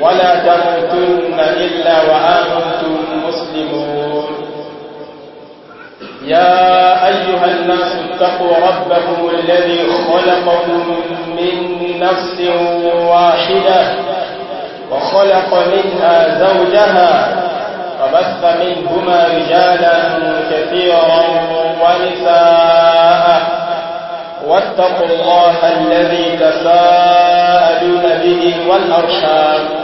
ولا تموتن إلا وآمنتم مسلمون يا أيها الناس اتقوا ربكم الذي خلقكم من نفس واحدة وخلق منها زوجها فبث منهما رجالا كثيرا ونساء واتقوا الله الذي تساءلون به والأرحام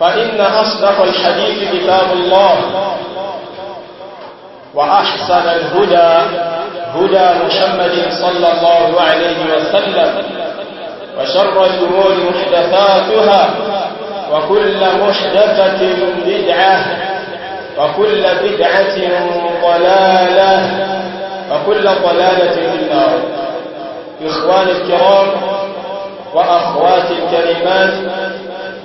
فإن أصدق الحديث كتاب الله وأحسن الهدى هدى محمد صلى الله عليه وسلم وشر الأمور محدثاتها وكل محدثة بدعة وكل بدعة ضلالة وكل ضلالة في النار إخواني الكرام وأخواتي الكريمات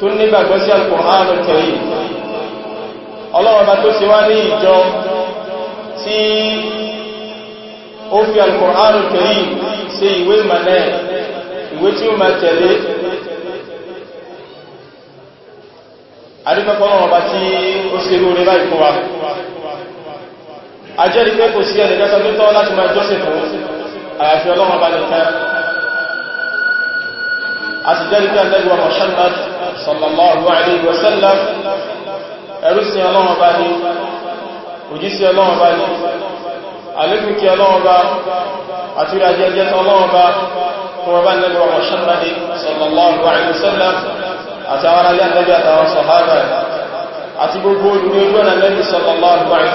tó nígbàgbọ́ sí Al-Qur'anul Karim ọlọ́wọ́ba tó ṣe wá ní ìjọ tí ó fi Al-Qur'anul Karim ṣe ìwé mẹ́lẹ̀ ìwé tí ó máa tẹ̀lé adúgbẹ́kọ́ ọlọ́wọ́ba tí ó ṣe lórí báyìí fún wa ajẹ́rí pé kò sí ẹnìkẹ́sọ tó tọ́ láti máa jọ́sẹ̀ fún àyàfi ọlọ́wọ́ba nìkan sallallahu alayhi wa sallam ẹrúsìn ọlọ́wọ́ bá ní òjísí ọlọ́wọ́ bá ní alékùnkí ọlọ́wọ́ bá àti ìrajẹjẹ ọlọ́wọ́ bá fún ọba nẹ́bọ̀ ọ̀ṣọ́nàdé sallallahu alayhi wa sallam àti àwọn alẹ́ àtẹ́bẹ̀ àtàwọn sọ̀hábà àti gbogbo olùgbẹ́gbẹ́ na lẹ́bí sallallahu alayhi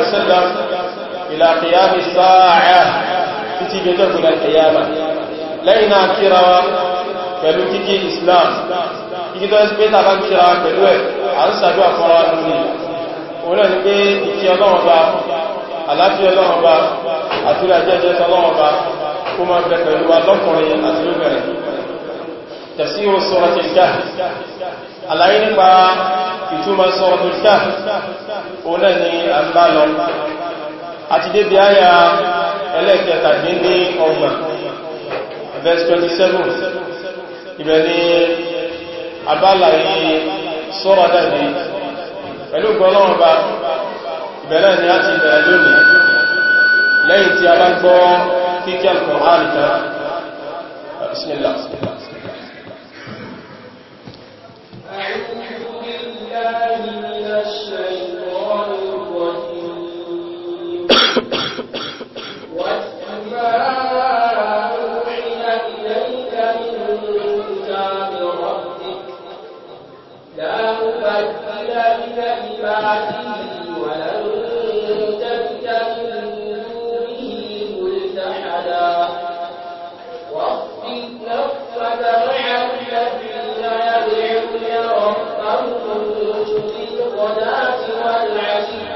wa igi tó ẹ́sì pé tàbá kíra pẹ̀lú ẹ̀ à fún ara lórí òun náà ni pé ìkí ọlọ́wọ́n bá àlàáfíà ọlọ́wọ́n bá àtúrà jẹ́jẹ́ ọlọ́wọ́n bá kó máa bẹ pẹ̀lú wa lọ́kùnrin àti lóbìnrin tẹ̀sí ó sọ́rọ̀ ti ká àlàyé nípa ìtumọ̀ sọ́rọ̀ tó ká òun náà ni à ń bá lọ àti débi áyà ẹlẹ́kẹtàdín ní ọgbà verse 27 ibẹ̀ ni abala yìí sọ́rọ̀ dàbí pẹ̀lú gbọ́lọ́wọ́ba ìbẹ̀rẹ̀ ni a ti bẹ̀rẹ̀ lónìí lẹ́yìn tí a bá gbọ́ kíkẹ́ al مبدل لكلماته ولن تجد من دونه ملتحدا واصبر نفسك مع الذين يدعون ربهم بالغداة والعشي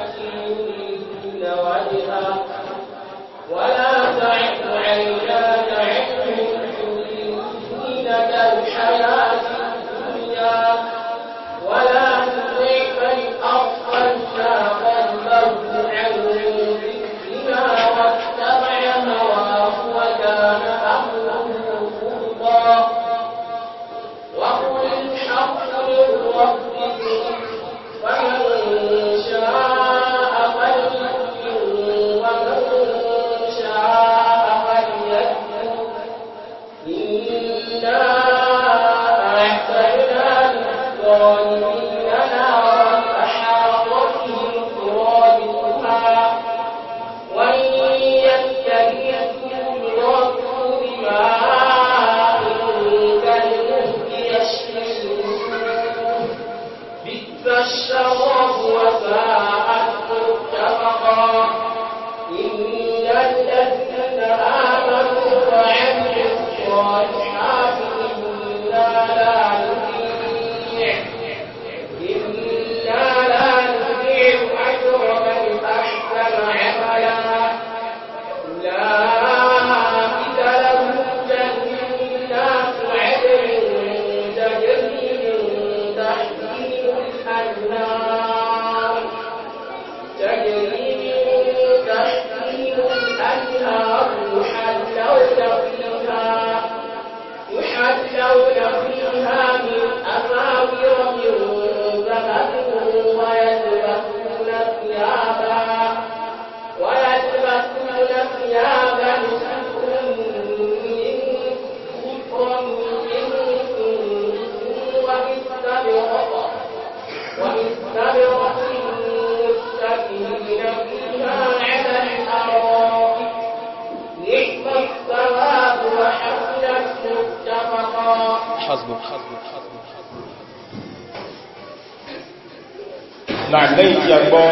náà lẹ́yìn tí a gbọ́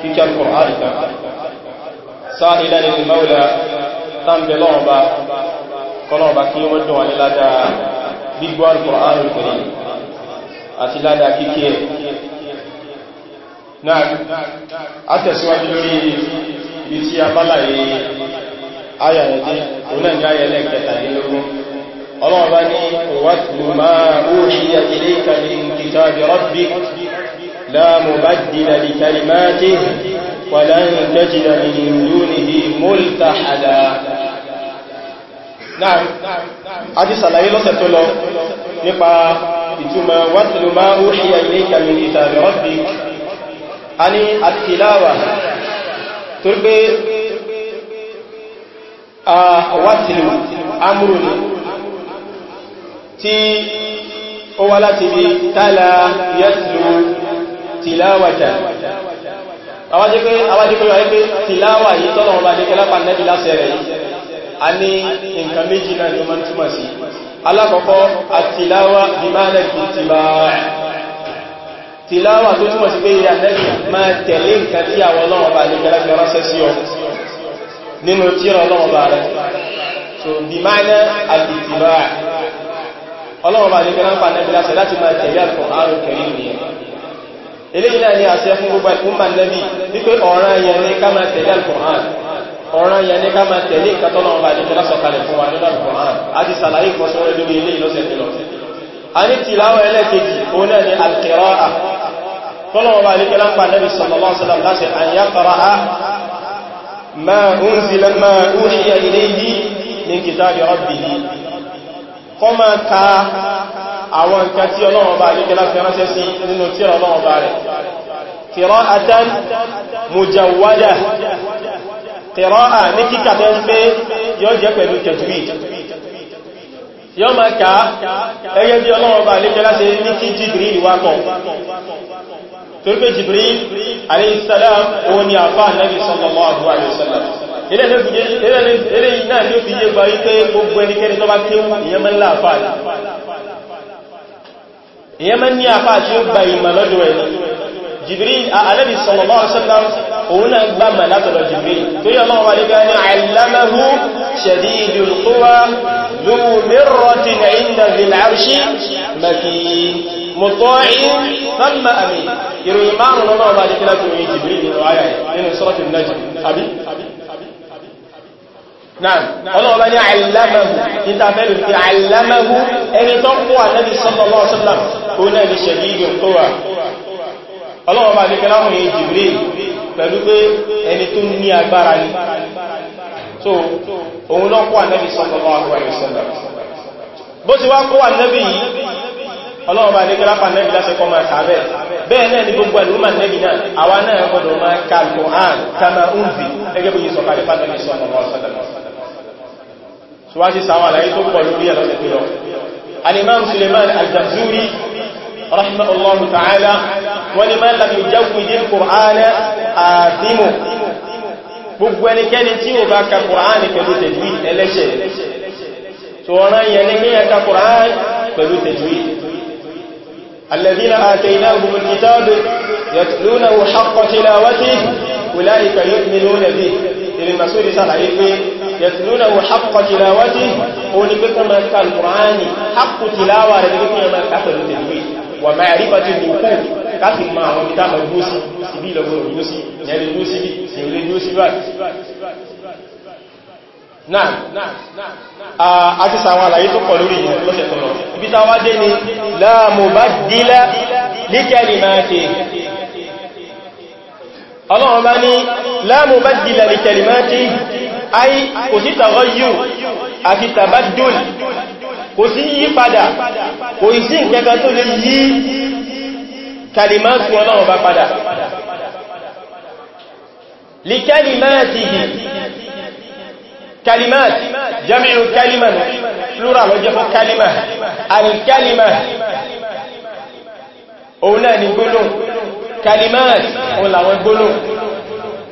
kíkẹ́ Al-Qur'an sáàlẹ̀ ní maula tàbí lọ́ọ̀bá kọlọ̀ọ̀bá kí wọ́n jọ wà ní ládá gbígbọ́ Al-Qur'an Al-Karim àti ládá kíkẹ́ náà a tẹ̀síwájú lórí ibi tí a bá láyé ayàrẹ̀dẹ́ onáà ní ayẹ̀lẹ́ kẹtàlélógún ọlọ́ọ̀bá ní òwàtù máa ó rí àtìlẹ́ ìkàlẹ̀ kìtàbí rabbik لا مبدل لكلماته ولن تجد من دونه ملتحدا نعم àti ṣàlàyé lọ́sẹ̀ tó lọ nípa ìtumọ̀ واتل ما أوحي إليك من كتاب ربك a ní àtìláwà tó gbé àwátìlú amúrù ní tí ó wá láti bí tààlà yẹ́tìlú tìláwàtà àwájẹ́ pé wáyé pé tìláwà yìí tọ́lọ̀ wọn bá dé kẹlápà nẹ́bí lásẹ̀rẹ̀ yìí a ní nǹkan méjì náà ni ó máa ń túmọ̀ sí alákọ̀ọ́kọ́ àtìláwà bí máa nẹ́bí ti bá tìláwà tó túmọ̀ sí pé ìyà nẹ́bí máa tẹ̀lé nǹkan tí àwọn ọlọ́wọ̀n bá dé kẹlápà ránṣẹ́ sí ọ nínú tíra ọlọ́wọ̀n bá rẹ̀ so bí máa ná àtìtìbá ọlọ́wọ̀n bá dé kẹlápà nẹ́bí lásẹ̀ láti máa tẹ̀lé àkọ̀ àrùn kẹrin nìyẹn eléyìn náà ni àṣẹ fún gbogbo ìkúmbà nẹ́bí wípé ọ̀ràn yẹn ní ká máa tẹ̀lé alkùnrán ọ̀ràn yẹn ní ká máa tẹ̀lé ìkàtọ́nà ọba àdìjọ lásọ̀kalẹ̀ fún wa nínú alkùnrán a ti sàlàyé ìfọ́sọ́rẹ́ lórí ilé ìlọ́sẹ̀ tí lọ a ní tìláwọ̀ ẹlẹ́kejì òun náà ni alkìrọ́à tọ́nà ọba àdìjọ lápá nẹ́bí sọ̀lọ́lọ́ àwọn nǹkan tí ọlọ́wọ́ bá ní kẹlá fẹ́ràn ṣe sí nínú tí ọlọ́wọ́ bá rẹ̀ qira'atan mujawwada qira'a ní kíkà tẹ́ ń pé yóò jẹ́ pẹ̀lú tajwid yóò máa ká ẹgẹ́ bí ọlọ́wọ́ bá ní kẹlá ṣe ní kí Jibril wákọ̀ torípé Jibril alayhi salam òun ni àfá Nabi sallallahu náà ní ó fi yé gba wípé gbogbo ẹnikẹ́ni tó bá kéwù ìyẹn mẹ́lá àfáà èyẹ mẹ́ ní àpá tí ó gba ìmọ̀ lọ́dọ̀ ẹ̀ Jibril alẹ́bí sallallahu alaihi wasallam òun náà gbá mẹ́ látọ̀dọ̀ Jibril tó yọ náà wà ní gani allamahu shadidul quwa dhu mirratin 'inda dhil 'arshi makin muta'in thumma amin ìròyìn márùn-ún náà wà ní kí láti ròyìn ẹni tó kú ànábì sallallahu alaihi wasallam ó náà ní ṣẹ̀dídì òkúwà ọlọ́wọ́ bá dékẹ́ láwọn èyí jìbìrì pẹ̀lú pé ẹni tó ní agbára ní so òun lọ kú ànábì sallallahu alaihi wasallam bó ti wá kú ànábì yìí ọlọ́wọ́ bá dékẹ́ lápá láti kọ́ máa kàbẹ̀ bẹ́ẹ̀ náà ni gbogbo ẹ̀lú máa nẹ́bì náà àwa náà gbọ́dọ̀ máa ka Al-Qur'an kama unzi gẹ́gẹ́ bí sọ̀kalẹ̀ fánàbì الإمام سليمان الجرزوري رحمه الله تعالى ولمن لم يجود القرآن آثمه gbogbo ẹnikẹ́ni tí ó bá ka kùránì pẹ̀lú tajwid ẹlẹ́ṣẹ̀ tó rán yẹ ní kíyà ka kùránì pẹ̀lú tajwid alladhina ataynahum alkitaba yatlunahu haqqa tilawatihi ulaika yu'minuna bihi ìrìnmàsórí sàlàyé pé yẹ̀tìlúnà wọ hapkọ̀ tilawati o ní pẹ́kọ́ ma ka alkùránì hapkù tilawa rẹ̀ ní pẹ́kọ́ ma ka pẹ̀lú tẹ̀lú wà máa rí bàtí lùkú káfí ma àwọn ìta ma dúsí ibi ìlọ́gbọ̀n dúsí ẹ̀rẹ̀ dúsí bí ìrẹ̀ dúsí bá náà a ti sàwọn àlàyé tó pọ̀ lórí ìyẹn lọ́sẹ̀ tó lọ ibi táwá dé ni la mubaddila li kalimati ọlọ́run bá ní la mubaddila li kalimati ayi kò sí taghayyur àti tabaddul kò sí yípadà kò sí nǹkankan tó lè yí kalimatu Ọlọ́run bá padà li kalimatihi kalimat jami'u kalimah plural ló jẹ́ fún kalimah al-kalimah òun náà ni gbólóhùn kalimat òun làwọn gbólóhùn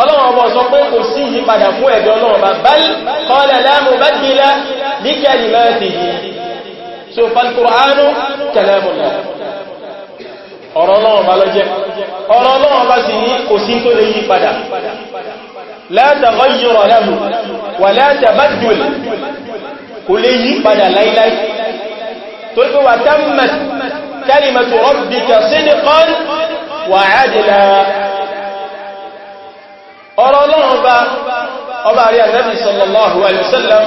ọlọ́run ọba sọ pé kò sí ìyípadà fún ẹ̀dọ́ ọlọ́run ọba bal qala la mubaddila li kalimatihi so fal-Qur'anu kalamullah ọ̀rọ̀ ọlọ́run ọba ló jẹ́ ọ̀rọ̀ ọlọ́run ọba sì ní kò ọ̀rọ̀ ọlọ́run bá ọba rí ànábì sallallahu alaihi wasallam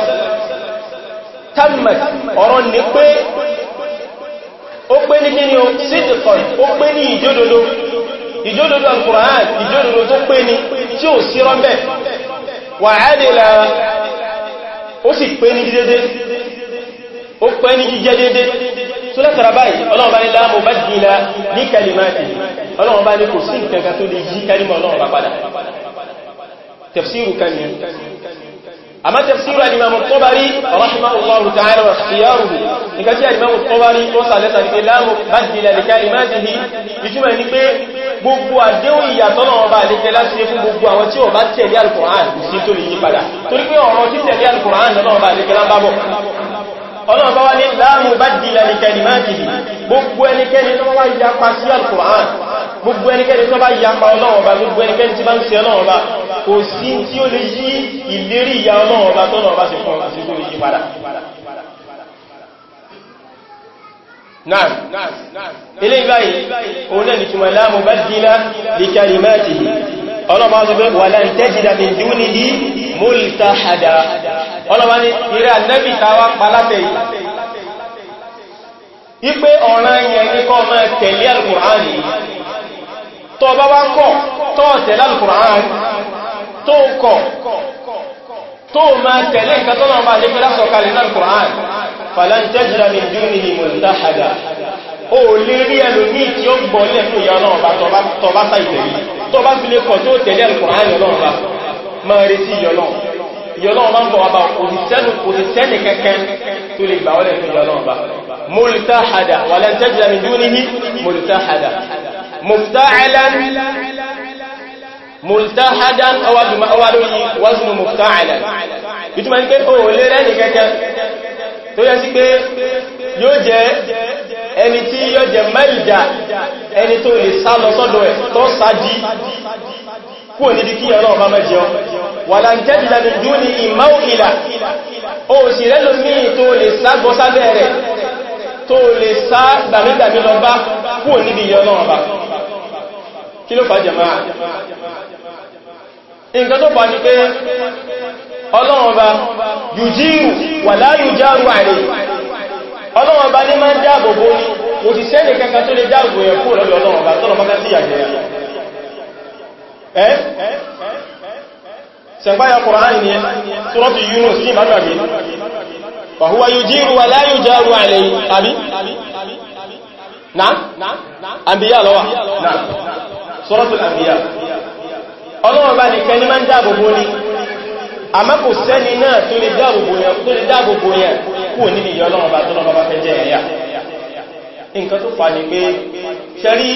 tammat ọ̀rọ̀ ní pé ó pé ní kíni o sídìkan ó pé ní ìjódodo ìjódodo al-Qur'an ìjódodo tó pé ní tí ó sí rọ́mbẹ̀ wa adila ó sì pé ní dédé ó pé ní jíjẹ́ tafsiru kanyan أما tafsiru الإمام الطبري al الله تعالى ta'ala wa ikhtiyaruhu nika ti al-imam al-tabari tó sàlẹ́sà ní pé la mubaddila li kalimatihi ìtumọ̀ ní pé gbogbo àdéhùn ìyàtọ̀ náà ọba àlékẹ́ láti ṣe fún gbogbo àwọn tí ó bá tẹ̀lé al-Qur'an sí tó lè yí padà torí pé ọ̀rọ̀ tí tẹ̀lé al-Qur'an náà ọba àlékẹ́ lábábọ̀ ọlọ́ọ̀bá wá ní la mubaddila li kalimatihi gbogbo gbogbo ẹnikẹ́ni tó bá yapa Ọlọ́run Ọba gbogbo ẹnikẹ́ni tí bá ń ṣe Ọlọ́run Ọba kò sí tí ó lè yí ìlérí ìyà Ọlọ́run Ọba tọ́nà Ọba sì fún àti tó lè yí padà náà ilé ìbáyìí òun náà ni túnmọ̀ láàmù bá dínà bí kẹrìmáàtì ọlọ́bàá sọ pé wà láì tẹ́jìdà ní dúnì ní múltàhàdà ọlọ́bàá ní ìrẹ́ ànẹ́bì tàwà palátẹ̀ yìí wípé ọ̀ràn yẹn ní kọ́ tẹ̀lé al tó bá wá kọ̀ tó tẹ̀lé Al-Qur'an tó kọ̀ tó ma tẹ̀lé nǹkan tó náà bá lè fẹ́lá sọ̀kalẹ̀ Al-Qur'an falan tajida min dunihi multahada ó lè rí ẹlòmí tí ó gbọ́lẹ̀ fún ìyá náà bá tó bá sáì tẹ̀lé tó bá fi lè kọ̀ tó tẹ̀lé Al-Qur'an yọ náà bá máa retí yọ náà yọ náà bá ń bọ̀ ملتحدا ولن تجد من دونه ملتحدا مفتعلا ملتحدا أول وزن مفتعلا ìtumọ̀ ní pé o lè rẹ́ nìkẹ́kẹ́ tó yẹ sí pé yóò jẹ́ ẹni tí yóò jẹ́ mẹ́lìdà ẹni tó lè sá lọ sọ́dọ̀ ẹ̀ tó sáájí kúrò níbi kí ọ̀nà ọba mẹ́jọ wà láńtẹ́dìdà ní dúní ìmáò ìlà o sì rẹ́ lómi tó lè ságbọ́ sábẹ́ rẹ̀ tó lè sá gbàmígbàmí lọ bá kúrò níbi ìyọ náà bá kí ló fà jẹ̀má nǹkan tó fà ní pé ọlọ́run bá yùjírù wà láyù járù àrẹ ọlọ́run bá ní máa ń dáàbò bò ní òṣìṣẹ́ nìkankan tó lè dáàbò yẹn kúrò lọ́dọ̀ ọlọ́run bá tọ́lọ tẹgbáyà Kùránì ni Suratu Yunus sí ìbágbàgbé fahuwa yujiru wa la yujaru alayhi àbí na àbíyà lọ́wà na Suratul Anbiya ọlọ́wọ́ bá ní kẹni máa ń ní sẹ́ni náà tó lè kúrò bá bá fẹ́ jẹ́ nǹkan tó fà ní pé ṣẹ́rí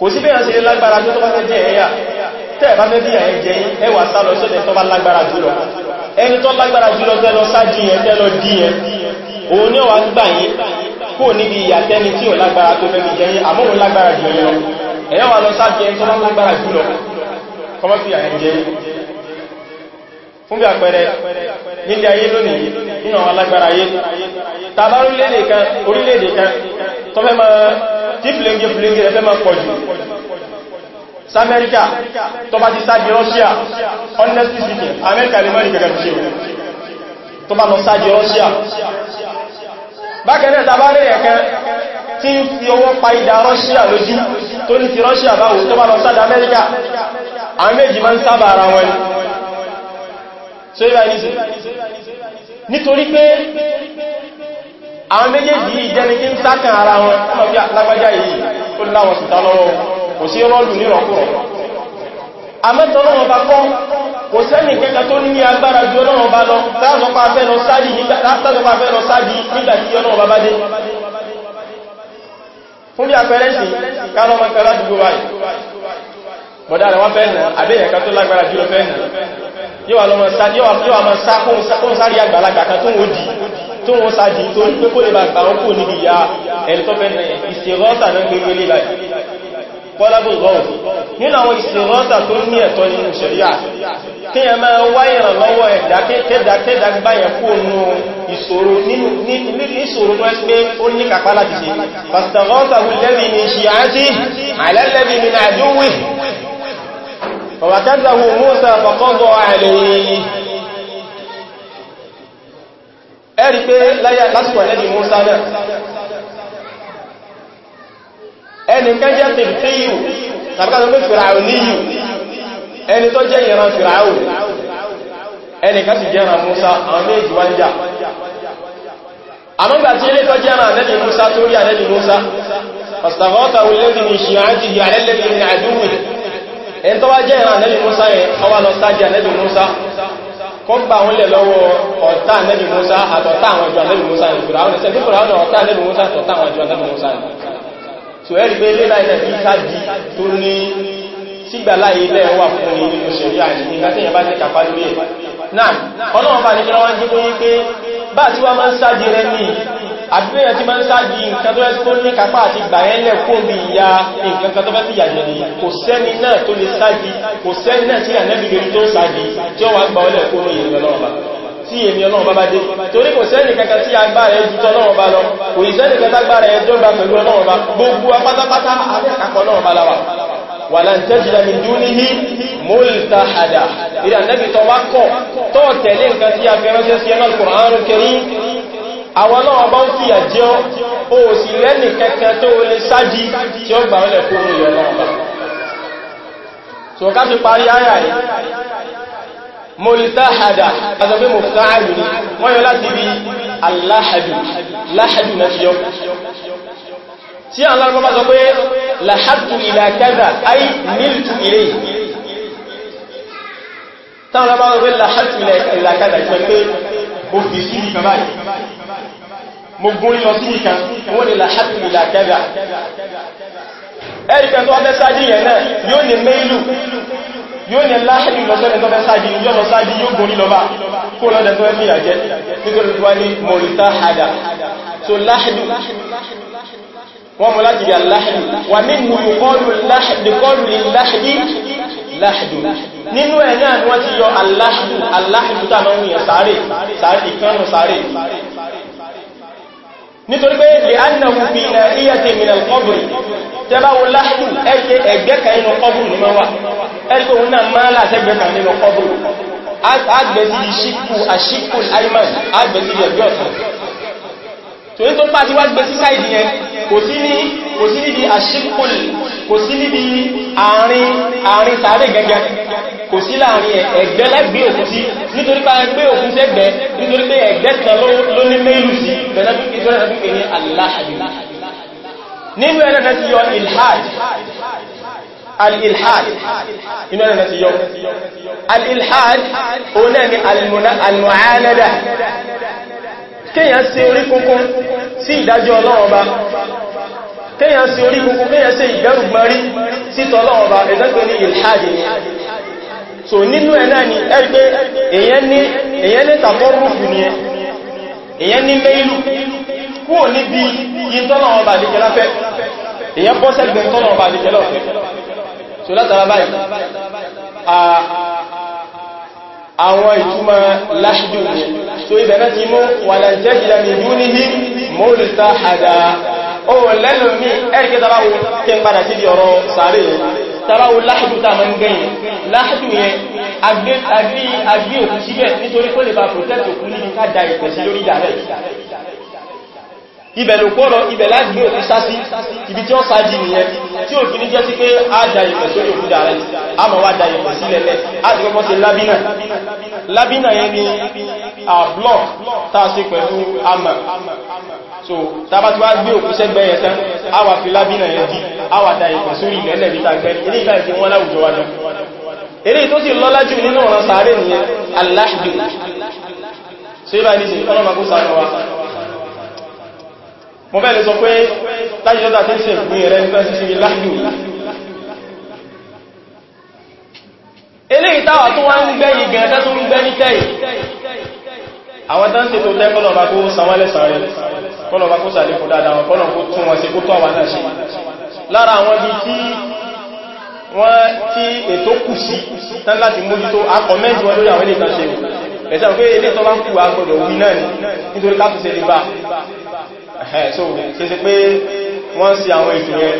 kò sí bẹ́ẹ̀ ṣe lágbára tó bá jẹ́ ẹ̀yà tẹ́ẹ̀ bá fẹ́ bí ẹ̀yẹ jẹ́ ẹwà sálọ sọ́dẹ̀ tó bá lágbára jùlọ ẹni tó lágbára jùlọ tẹ́lọ sájì yẹn tẹ́lọ dí yẹn òun ní ọwà gbà yín kò níbi ìyàtẹ́ni tí ò lágbára tó fẹ́ bí fún bí àpẹẹrẹ nílé ayé lónìí nínú àwọn alágbára ayé tàbá orílẹ̀-èdè kan orílẹ̀-èdè kan tó fẹ́ máa tí fìlẹ́ngì fìlẹ́ngì rẹ̀ fẹ́ máa pọ̀ jù sáàmẹ́ríkà tó bá ti sáàjì Russia honestly speaking Amẹ́ríkà lè mọ́rin gẹ̀gẹ̀ ṣe tó bá lọ sáàjì Russia bákẹ̀rẹ̀ tàbá rẹ̀ ẹ̀kan tí ń fi ọwọ́ pa so ibà níṣe nítorí pé àwọn méjèèjì yìí jẹ́ni kí ń sákàn ara wọn ọmọdé lágbájá yìí ó láwọn sì tá lọ́wọ́ kò sí rọ́lù ní rọ̀kúrọ̀ àmẹ́tọ̀lọ́wọ́n bá kọ́ kò sẹ́nì kẹta tó ní agbára ju ọlọ́wọ́n bá lọ látọ́pá fẹ́ lọ sáàdì nígbàtí ọlọ́wọ́n bá bá dé fún bí àpẹẹrẹ sí kánọ́ mọ́kànlá dùgbò báyìí bọ̀dá rẹ̀ wọ́n fẹ́ nà àbẹ́yẹ̀ká tó lágbára jùlọ fẹ́ nà yíwa ma sá kóhun sáré àgbàlagbà kan tó wọ́n di tó wọ́n sáàdì tó ń pé kó lè bá gbà wọ́n kò níbi ìyá ẹ̀lẹ́tọ́fẹ́ náà ìsìnrọ́sà náà gbé lé báyìí kọ́lábù rọrùn nínú àwọn ìsìnrọ́sà tó ní ẹ̀tọ́ nínú ṣẹ̀ríà kí ẹ máa wá ìrànlọ́wọ́ ẹ̀dàkẹ́dà gbáyẹ̀ kó nù ìṣòro mẹ́sí pé ó ní kàpá láti ṣe فوكذه موسى فقضى عليه ẹ̀rí pé lásìkò ẹ̀lẹ́bì Musa náà ẹni kẹjẹ́ pìpìyù tàbíkà tó pé fìràù níyù ẹni tó jẹ́ ìran fìràù ẹni kẹsì jẹ́ran Musa àwọn méjì wá ń jà na tí ilé tó jẹ́ran ẹ̀lẹ́bì Musa tó rí ẹ̀lẹ́bì Musa ẹn tó wá jẹ́ ìran Ànábì Musa yẹn ọwá lọ sáájì Ànábì Musa kọ́ gbà wọn lẹ̀ lọ́wọ́ ọ̀tá Ànábì Musa àtọ̀tá àwọn ìjọ Ànábì Musa ní Fìràwọn ẹ̀sẹ̀ tí Fìràwọn ọ̀tá Ànábì Musa àtọ̀tá àwọn ìjọ Ànábì Musa ní so ẹ̀rí pé lé láìlẹ̀ bí sáájì tó ní sígbà láyé ilẹ̀ wà fún ní nínú ṣẹ̀rí àti nígbà tí ìyàbá ti kàpá lórí ẹ̀ náà ọlọ́run bá ní kí wọ́n wá ń gbé pé bá tí wọ́n máa ń sáájì rẹ̀ ní àbíbẹ̀yàn tí máa ń sáàdì nǹkan tó ẹ́sìkó ní kápá àti gbàyẹ́lẹ̀ kóòmì ìyá nǹkan kan tó bá ti yàjẹ̀ ní kò sẹ́ni náà tó lè sáàdì kò sẹ́ni náà tí ànẹ́bì lórí tó sáàdì tí ó wà gbà ọlẹ̀ kóòmì ìrìnlọ́ọ̀bà tí èmi ọlọ́run bá bá dé torí kò sẹ́ni kankan tí agbára ẹjú tọ́lọ́run bá lọ kò ì sẹ́ni kankan agbára ẹjọ́ bá pẹ̀lú a fẹ́ránṣẹ́ sí àwọn ọlọ́wọ́ bá ń fìyà jẹ ọ́ o sì lẹ́nì kẹkẹ tó lè sáájí tí ó gbà ọlẹ̀ fún ilẹ̀ ọlọ́ọ̀bá ṣùgbọ́n ká fi parí ayà rẹ̀ mọ̀lítàhàdà azọ́bí mọ̀tàhàdù ni wọ́n yọ láti rí aláhàdù láhàdù na fi yọ tí àwọn alárùn bá sọ pé láhàdù ìlà kẹ́dà ay nílùtù ilé táwọn alárùn bá sọ pé láhàdù ìlà kẹ́dà mo fi sí ìkà báyìí mo gún lọ sí ìkà wọ́n ni làhátù ìlà kẹ́bà ẹ̀ríkẹ́ tó ọbẹ̀ sáájì yẹn náà yóò ní mẹ́ìlú yóò ní láhẹ́lú lọ́sọ́rẹ́ tó fẹ́ sáájì yóò lọ sáájì yóò gún lọ bá kó lọ́dẹ̀ tó ẹ̀fì àjẹ́ wọ́n mọ̀ láti rí aláhẹ́lú wà nínú kọlù láhẹ́lú láàdù nínú ẹ̀ náà ni wọ́n ti yọ aláàdù aláàdù tàbí wùyàn sáré ìkánù sáré nítorí pé lè annahu fi na iya ti min al-qabri tẹbáwo láàdù ẹ̀ṣẹ́ ẹgbẹ́ kan nínú qabru ní mọ́wà ẹgbẹ́ òun náà máa láàṣẹ́gbẹ́ kan nínú qabru agbẹ̀sí ṣíkù àṣíkù aiman agbẹ̀sí ẹgbẹ́ ọ̀tọ̀ kò sí níbi àṣíkùl kò sí níbi àárín àárín sàárè gẹ́gẹ́ kò sí láàrin ẹ̀gbẹ́ lẹ́gbẹ́ òkú sí nítorí pa ẹgbẹ́ òkú sẹ́gbẹ́ nítorí pé ẹ̀gbẹ́ kan ló ní mẹ́lù sí nínú al-ilhad inú ẹlẹ́fẹ́ sí orí kúnkún sí ìdájọ́ ọlọ́ọ̀ba kéyàn sí orí kúkú kéyàn sí ìgbẹ́rù gbọ́rí sítọ́ lọ́ọ̀bá ẹ̀dẹ́gbẹ́ ní ìlhádì so nínú ẹ̀ náà ni ẹgbẹ́ èyàn ní tàbọ́rùkù ni ẹ èyàn ní mẹ́ìlú kúò níbi ìtọ́lọ̀ọ̀bá àdìkẹ́láfẹ́ èyàn bọ́ sẹ́gbẹ̀ ìtọ́lọ̀ọ̀bá àdìkẹ́láfẹ́ so látara báyìí àwọn ìtumọ̀ láṣíjú ni so ibẹ̀ náà ti mú wà láìjẹ́ ìlànà ìlú níbi mọ́lùta àdáa ohun lẹ́nu mi ẹ̀rìkẹ́ tàbáwò tí ń padà sí di ọ̀rọ̀ sàárè yẹn tàbáwò láàájú tàbá ń gẹ̀yìn láàájú yẹn agbé òkú síbẹ̀ nítorí kó lè bá protect òkú níbi ká da ìpẹ̀sí lórí ìdàrẹ́ ibẹ̀ ló pọ́rọ̀ ibẹ̀ láti gbé òkú sásí ibi tí ó sáájì nìyẹn tí ò fi ní jẹ́ sí pé a da ìpẹ̀ sórí òkú dára a mọ̀ wá da ìpẹ̀ sílẹ̀ lẹ́ a ti kọ́kọ́ sí lábínà lábínà yẹn ni a block tá a ṣe pẹ̀lú àmà so tàbá ti wá gbé òkú sẹ́gbẹ́ yẹn tán a wà fi lábínà yẹn di a wà da ìpẹ̀ sórí ilẹ̀lẹ̀ bí tàgbẹ́ ilé ìgbà ìfẹ́ wọn láwùjọ wa eré tó sì lọ́lájú nínú ọ̀ràn sàárè nìyẹn aláṣdù sí ibà ní sí ọlọ́mà kó sàárè wa mo fẹ́ lè sọ pé láyíjọ́ta tí ń ṣe ìpín rẹ̀ nígbà sí ṣe láàájú eléyìí táwa tó wá ń gbẹ́ yìí gan tẹ́ tó ń gbẹ́ ní tẹ́yì àwọn tán ṣe tó tẹ́ kọ́lọ̀bá kó sanwálẹ̀sàn rẹ̀ kọ́lọ̀bá kó sàlékún dáadáa wọn kọ́lọ̀ kó tún wọn ṣe kó tọ́ àwọn náà ṣe lára àwọn bí tí wọ́n tí ètò kù sí tán láti mójútó akọ̀mẹ́jì wọn lórí àwọn ilé ìtàṣe ẹ̀sẹ̀ pé ilé tọ́lá ń kù agbọ̀dọ̀ wí náà nítorí káfíṣẹ́ lè bá ẹ̀ so kéèsì pé wọ́n sí àwọn ètò yẹn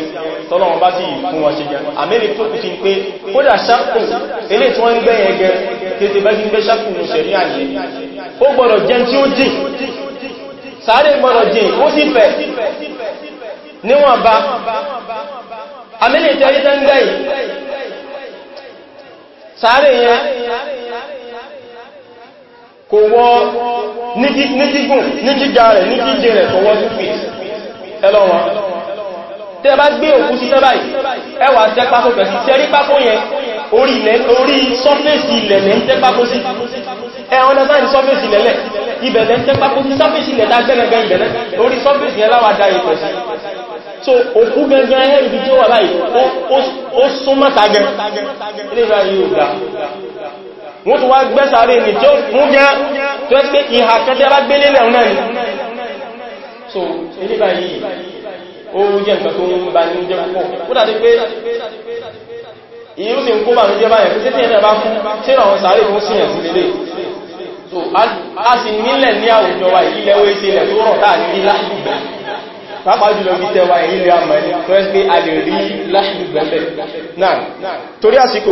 tọ́nà wọn bá sì fún wọn ṣe jẹ́ àmẹ́lì tó kù sí pé kódà ṣákùn ilé tí wọ́n ń gbẹ́ yẹn gẹ kéèsì bá sí pé ṣákùn ṣẹ̀rí àyè ó gbọ́dọ̀ jẹ́ tí ó jìn sáré gbọ́dọ̀ jìn ó sì fẹ̀ níwọ̀n bá àmẹ́lì tẹ́rí tẹ́ ń gbẹ́ yìí sáré yẹn kò wọ ní gígùn ní gíga rẹ̀ ní gíje rẹ̀ kò wọ two feet ẹlọ wọn tẹ́ bá gbé òkú sí tẹ́bà yìí ẹwà tẹ́ pápọ̀ pẹ̀sí tẹ́rí pápọ̀ yẹn orí sọ́fẹ́sì ilẹ̀lẹ̀ ń tẹ́ pápọ̀ sí ẹwọ́n náà sáàrí sọ́fẹ́sì ilẹ̀lẹ̀ ibẹ̀lẹ̀ ń tẹ́ pápọ̀ sí sọ́fẹ́sì ilẹ̀ dágbẹ́gẹ́ ibẹ̀lẹ̀ orí sọ́fẹ́sì ẹláwà dá ipẹ̀ sí so òkú gẹ́gẹ́ ẹ̀ ibi tí ó wà báyìí ó súnmọ́ta gẹ́ wọ́n tó wá gbẹ́sàárè ní tí ó mú gẹ́ tó ẹ́ pé ìhà kẹtẹ́rà gbélé lẹ́rùn náà ni so ilé báyìí ó jẹ́ nǹkan tó ń bá ní jẹ́ púpọ̀ ó dàbí pé ìrúsìn kó bà ní jẹ́ báyìí tí ẹ̀rẹ́ bá fún tí àwọn sàárè fún sí ẹ̀sìn lélẹ̀ so pàápàá jùlọ bí tẹwa ìlẹ̀ àmọ́ ẹni tó ẹ́ pé a lè rí láìgbẹ̀lẹ̀ náà torí àsìkò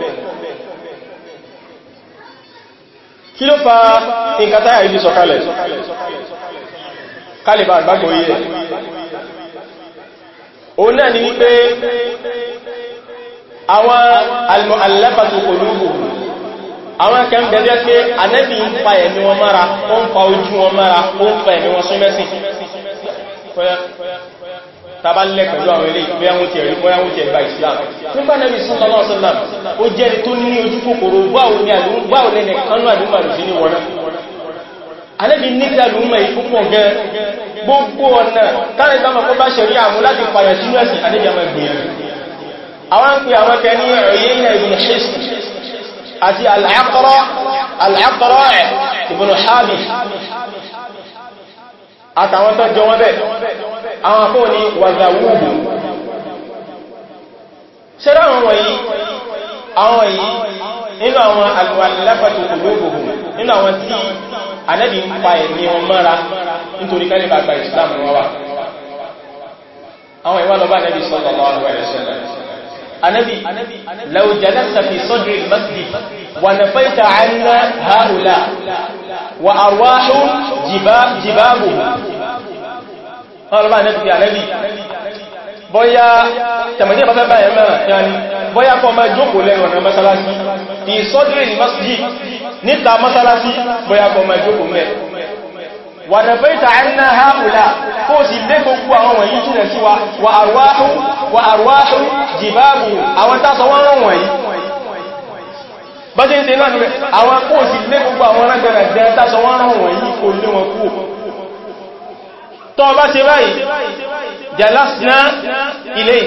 kí ló fa nǹkan táyà ibi sọ̀kalẹ̀ kálìbà àgbàgbò yìí òun náà ni wípé àwọn almu'allafatu qulubuhum àwọn kan bẹ̀rẹ̀ pé anẹ́bì ń pa ẹ̀mí wọn mara ó ń pa ojú wọn mara ó ń pa ẹ̀mí wọn súnmẹ́sìn tàbá lẹ́ pẹ̀lú àwọn ilé ìgbéyàwó ti ẹ̀rí bóyá wọ́n ti ẹ̀bá Islam nígbà Nábì sallallahu alaihi wasallam ó jẹ́ tó ní ojú kòkòrò báwo ní àdúgbàwò lẹ́nẹ̀ kanú àdúgbà rẹ̀ sí ní wọ́n alẹ́bí nígbà lúmọ̀ ìfúnpọ̀ gan gbogbo ọ̀nà tàbí táwọn kọ́ bá ṣẹ̀rí àmú láti pààyà sínú ẹ̀sìn alẹ́bí àmọ́ ìgbìyànjú àwọn ń pè àwọn kẹ ní ilẹ̀ ìbùn ṣẹ́sì àti al-Aqra' ìbùn ṣáàbì àtàwọn tó jọ wọ́n bẹ́ẹ̀ àwọn akọ́ ni wàzàwúhù ṣẹ́rá àwọn wọ̀nyí àwọn yìí nínú àwọn alwàlápàtò olóògbòhù nínú àwọn tí anẹ́bí ń pa ẹ̀mí wọn mọ́ra nítorí kẹ́lẹ̀ bàgbà ìsìlámù wọn wà àwọn ìwà lọ́bá anẹ́bí sallallahu alaihi wasallam النبي ọlọ́bà nẹ́bì bí ànẹ́bì bọ́yá tẹ̀mọ̀dé bá fẹ́ bá ẹ̀mẹ́ ìyàní bọ́yá kọ́ mẹ́ jókòó lẹ́nu ọ̀nà mọ́sálásí ìsọ́dúrì ní masjid níta mọ́sálásí bọ́yá kọ́ mẹ́ jókòó mẹ́ wàdàbẹ́ta ẹ̀nà haúlá kó sì lé gbogbo àwọn wọ̀nyí jìnà sí wa wà àrùwáhù wà àrùwáhù jìbáàbù àwọn tásọ wọ́n rán wọ̀nyí bọ́jẹ́ ìsẹ́ náà ni àwọn kó sì lé gbogbo àwọn rán tó bá ṣe báyìí jalasna ilé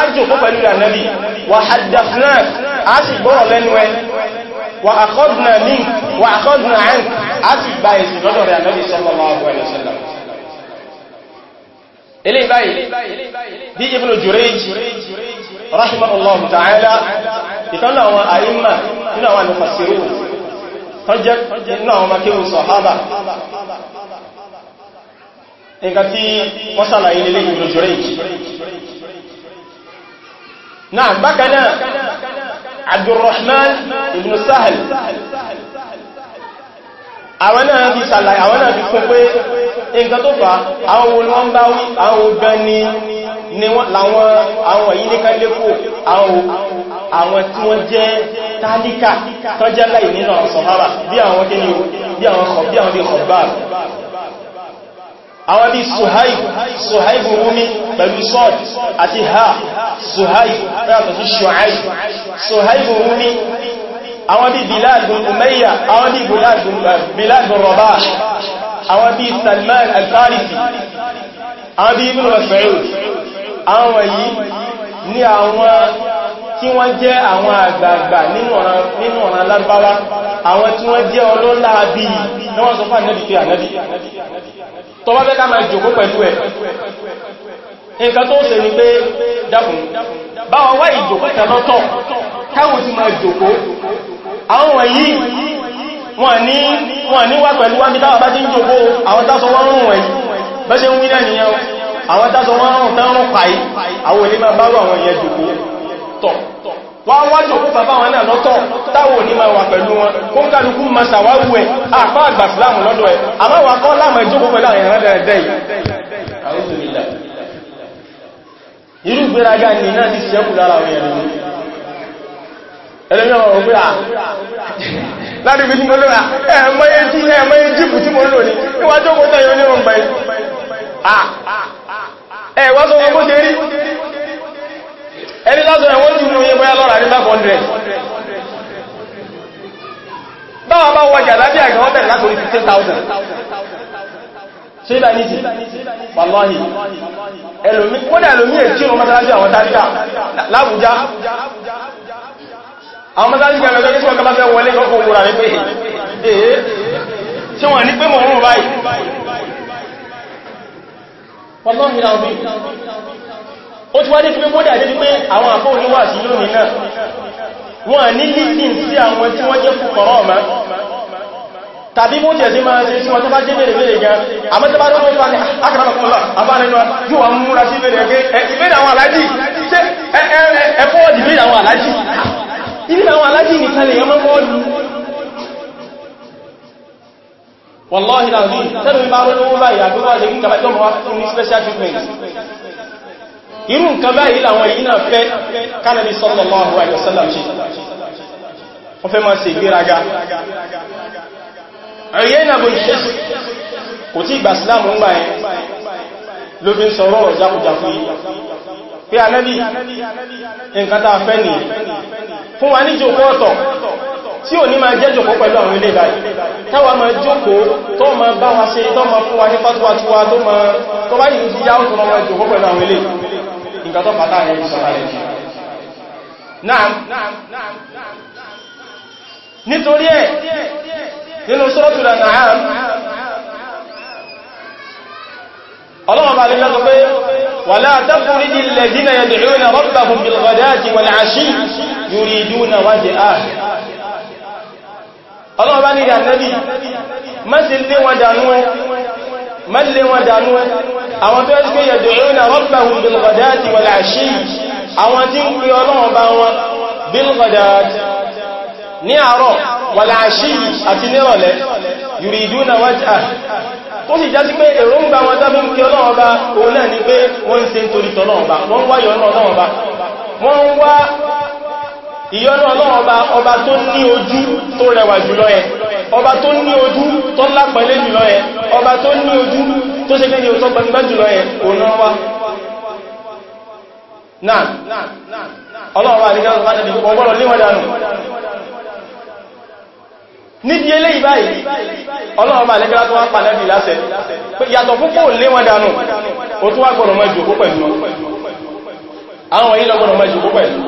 ájò kó pẹ̀lú ìrànlẹ́bí wà hajjafna a sì gbọ́rọ̀ lẹ́nu ẹ wà àkọ́dùnà ní wà àkọ́dùnà ẹ̀ a sì gba èsì lọ́dọ̀ rẹ̀ àlẹ́bí sallallahu alaihi wasallam eléyìí báyìí bí Ibn Jurayj rahimahullahu nǹkan tí wọ́n sàlàyé nílé ìlú jùrẹ́jì náà bákaná Abdurrahman ibn Sahal àwọn náà bí sàlàyé àwọn náà bí fún pé nǹkan tó fà àwọn olóhun bá wí àwọn ogan ni láwọn àwọn yìí ní kálẹ́kò àwọn tí wọ́n jẹ́ tálíkà tọ́jẹ́ láì nínú bí àwọn kí àwọn bí suhaib suhaib rumi pẹ̀lú sọ́d àti ha suhaib pẹ̀lú sí ṣuhaib suhaib rumi àwọn bí bilal bin umayya àwọn bí bilal bin eh, rabah àwọn bí salman al-farisi àwọn bí ibn mas'ud àwọn wọ̀nyí ní àwọn tí wọ́n jẹ́ àwọn àgbààgbà nínú ọ̀nà lábáwá àwọn tí wọ́n jẹ́ ọlọ́lá bí ní wọ́n sọ fún ànẹ́bì pé ànẹ́bì tó bá fẹ́ ká máa jòkó pẹ̀lú ẹ̀ nǹkan tó ṣe ni pé dákùn báwọn wá ìjòkó tẹ̀lọ́tọ̀ káwò ti máa jòkó àwọn wọ̀nyí wọ́n ní wá pẹ̀lú wá mítàwà bá ti ń jòkó àwọn tásọ wọ́n rùn wọ̀nyí bẹ́ ṣe wọ́n wá jòkó bàbá wọn náà lọ́tọ̀ táwò ní ma wà pẹ̀lú wọn kó ń kálukú ma sàwáwú ẹ̀ àpá àgbà sílámù lọ́dọ̀ ẹ̀ àmá wà kọ́ láàmà ìjókó pẹ̀lú àwọn ìrìnàdà ẹ̀dẹ́ yìí irú gbéraga ní náà ti sẹ́kù lára àwọn ẹ̀rìn ẹlẹ́mí ọ̀rọ̀ pé à láti fi tí mo lọ́ra ẹ̀mọ́ 500 báwọn bá wọjà lábí àgbà ọ̀bẹ̀rẹ̀ látorí 15,000 ṣe ìbá ní sí wàláhì ẹlòmí kódà ẹlòmí èkí ọmọ mọ́sálásí àwọn tàríkà lábújá àwọn mọ́sálásí gbẹ̀rẹ̀ ọjọ́ kí wọ́n kọ́ bá fẹ́ wọlé kọ́kọ́ wúra ní pé èé tí wọ́n ní pé mọ̀ ó ti wá dé pé mọ́dà dé pé àwọn àfóò ní wà sí lónìí náà wọ́n ní lísìn sí àwọn tí wọ́n jẹ́ fòkọ̀rọ̀ ọ̀má tàbí mú tẹ̀sí máa ṣe sí wọn tó bá jẹ́ bèèrè bèèrè gan àmọ́ tó bá rọ́ wọ́n fani ah, akàràkùnlá àbáninu yóò wà múra sí bèèrè gẹ́ ìbéèrè àwọn alájì ṣe treatment irú nǹkan báyìí làwọn èyí náà fẹ́ kánàbí sallallahu alaihi wasallam ṣe wọ́n fẹ́ máa ṣe ìgbéraga Uyayna bin Hisn kò tí ìgbà sílámù ń gbà ẹ ló fi ń sọ̀rọ̀ jákùjákù yìí pé anábì nǹkan tàà fẹ́ nìí fún wa ní jòkó ọ̀tọ̀ tí ò ní máa jẹ́ jòkó pẹ̀lú àwọn ilé ìbáyìí táwa máa jókòó tó ma bá wa ṣe tó ma fún wa ní fátúwàtúwa tó ma tó bá yìí ti yá ọ̀tọ̀ lọ́wọ́ jòkó pẹ̀lú àwọn ilé nǹkan tó pàtà rẹ̀ sọ̀kalẹ̀ náà nítorí ẹ̀ nínú suratul An'am ọlọ́wọ́ bá lílá sọ pé wala tatridi alladhina yad'una rabbahum bil ghadati wal 'ashi yuriduna wajhah ọlọ́wọ́ bá ní ìdánẹ́bí mẹ́sìn lé wọn dànú ẹ mẹ́lẹ̀ wọn dánú ẹ àwọn tó ẹ́sì pé yẹ̀dù ìrìnà rabbahum bilghadati wal ashi àwọn tí ń pè ọlọ́wọ̀n bá wọn bilghadati ní àárọ̀ wal ashi àti nírọ̀lẹ́ yuriduna wajha ó sì jásí pé èròǹgbà wọn tábí ń pè ọlọ́wọ̀n bá òun náà ni pé wọ́n ń ṣe nítorí tọ́lọ́wọ̀n bá wọ́n wá yọ̀ ọlọ́wọ̀n bá wọ́n wá ìyọ́nú ọlọ́run ọba ọba tó ní ojú tó rẹwà jùlọ ẹ ọba tó ní ojú tó lápẹ̀lẹ̀ jùlọ ẹ ọba tó ní ojú tó ṣe kéde òtọ́ gbangba jùlọ ẹ òun ọwá náà ọlọ́run ọba àríkà ọba tẹ̀lé ọgbọ́rọ̀ léwọ́n dànù níbi eléyìí báyìí ọlọ́run ọba àríkà tó wá pàdánù ìlàsẹ̀ yàtọ̀ púpọ̀ léwọ́n dànù ó tún wá gbọ́dọ̀ mọ́ ìjòkó pẹ̀lú àwọn yìí lọ́gbọ́dọ̀ mọ́ ìjòkó pẹ̀lú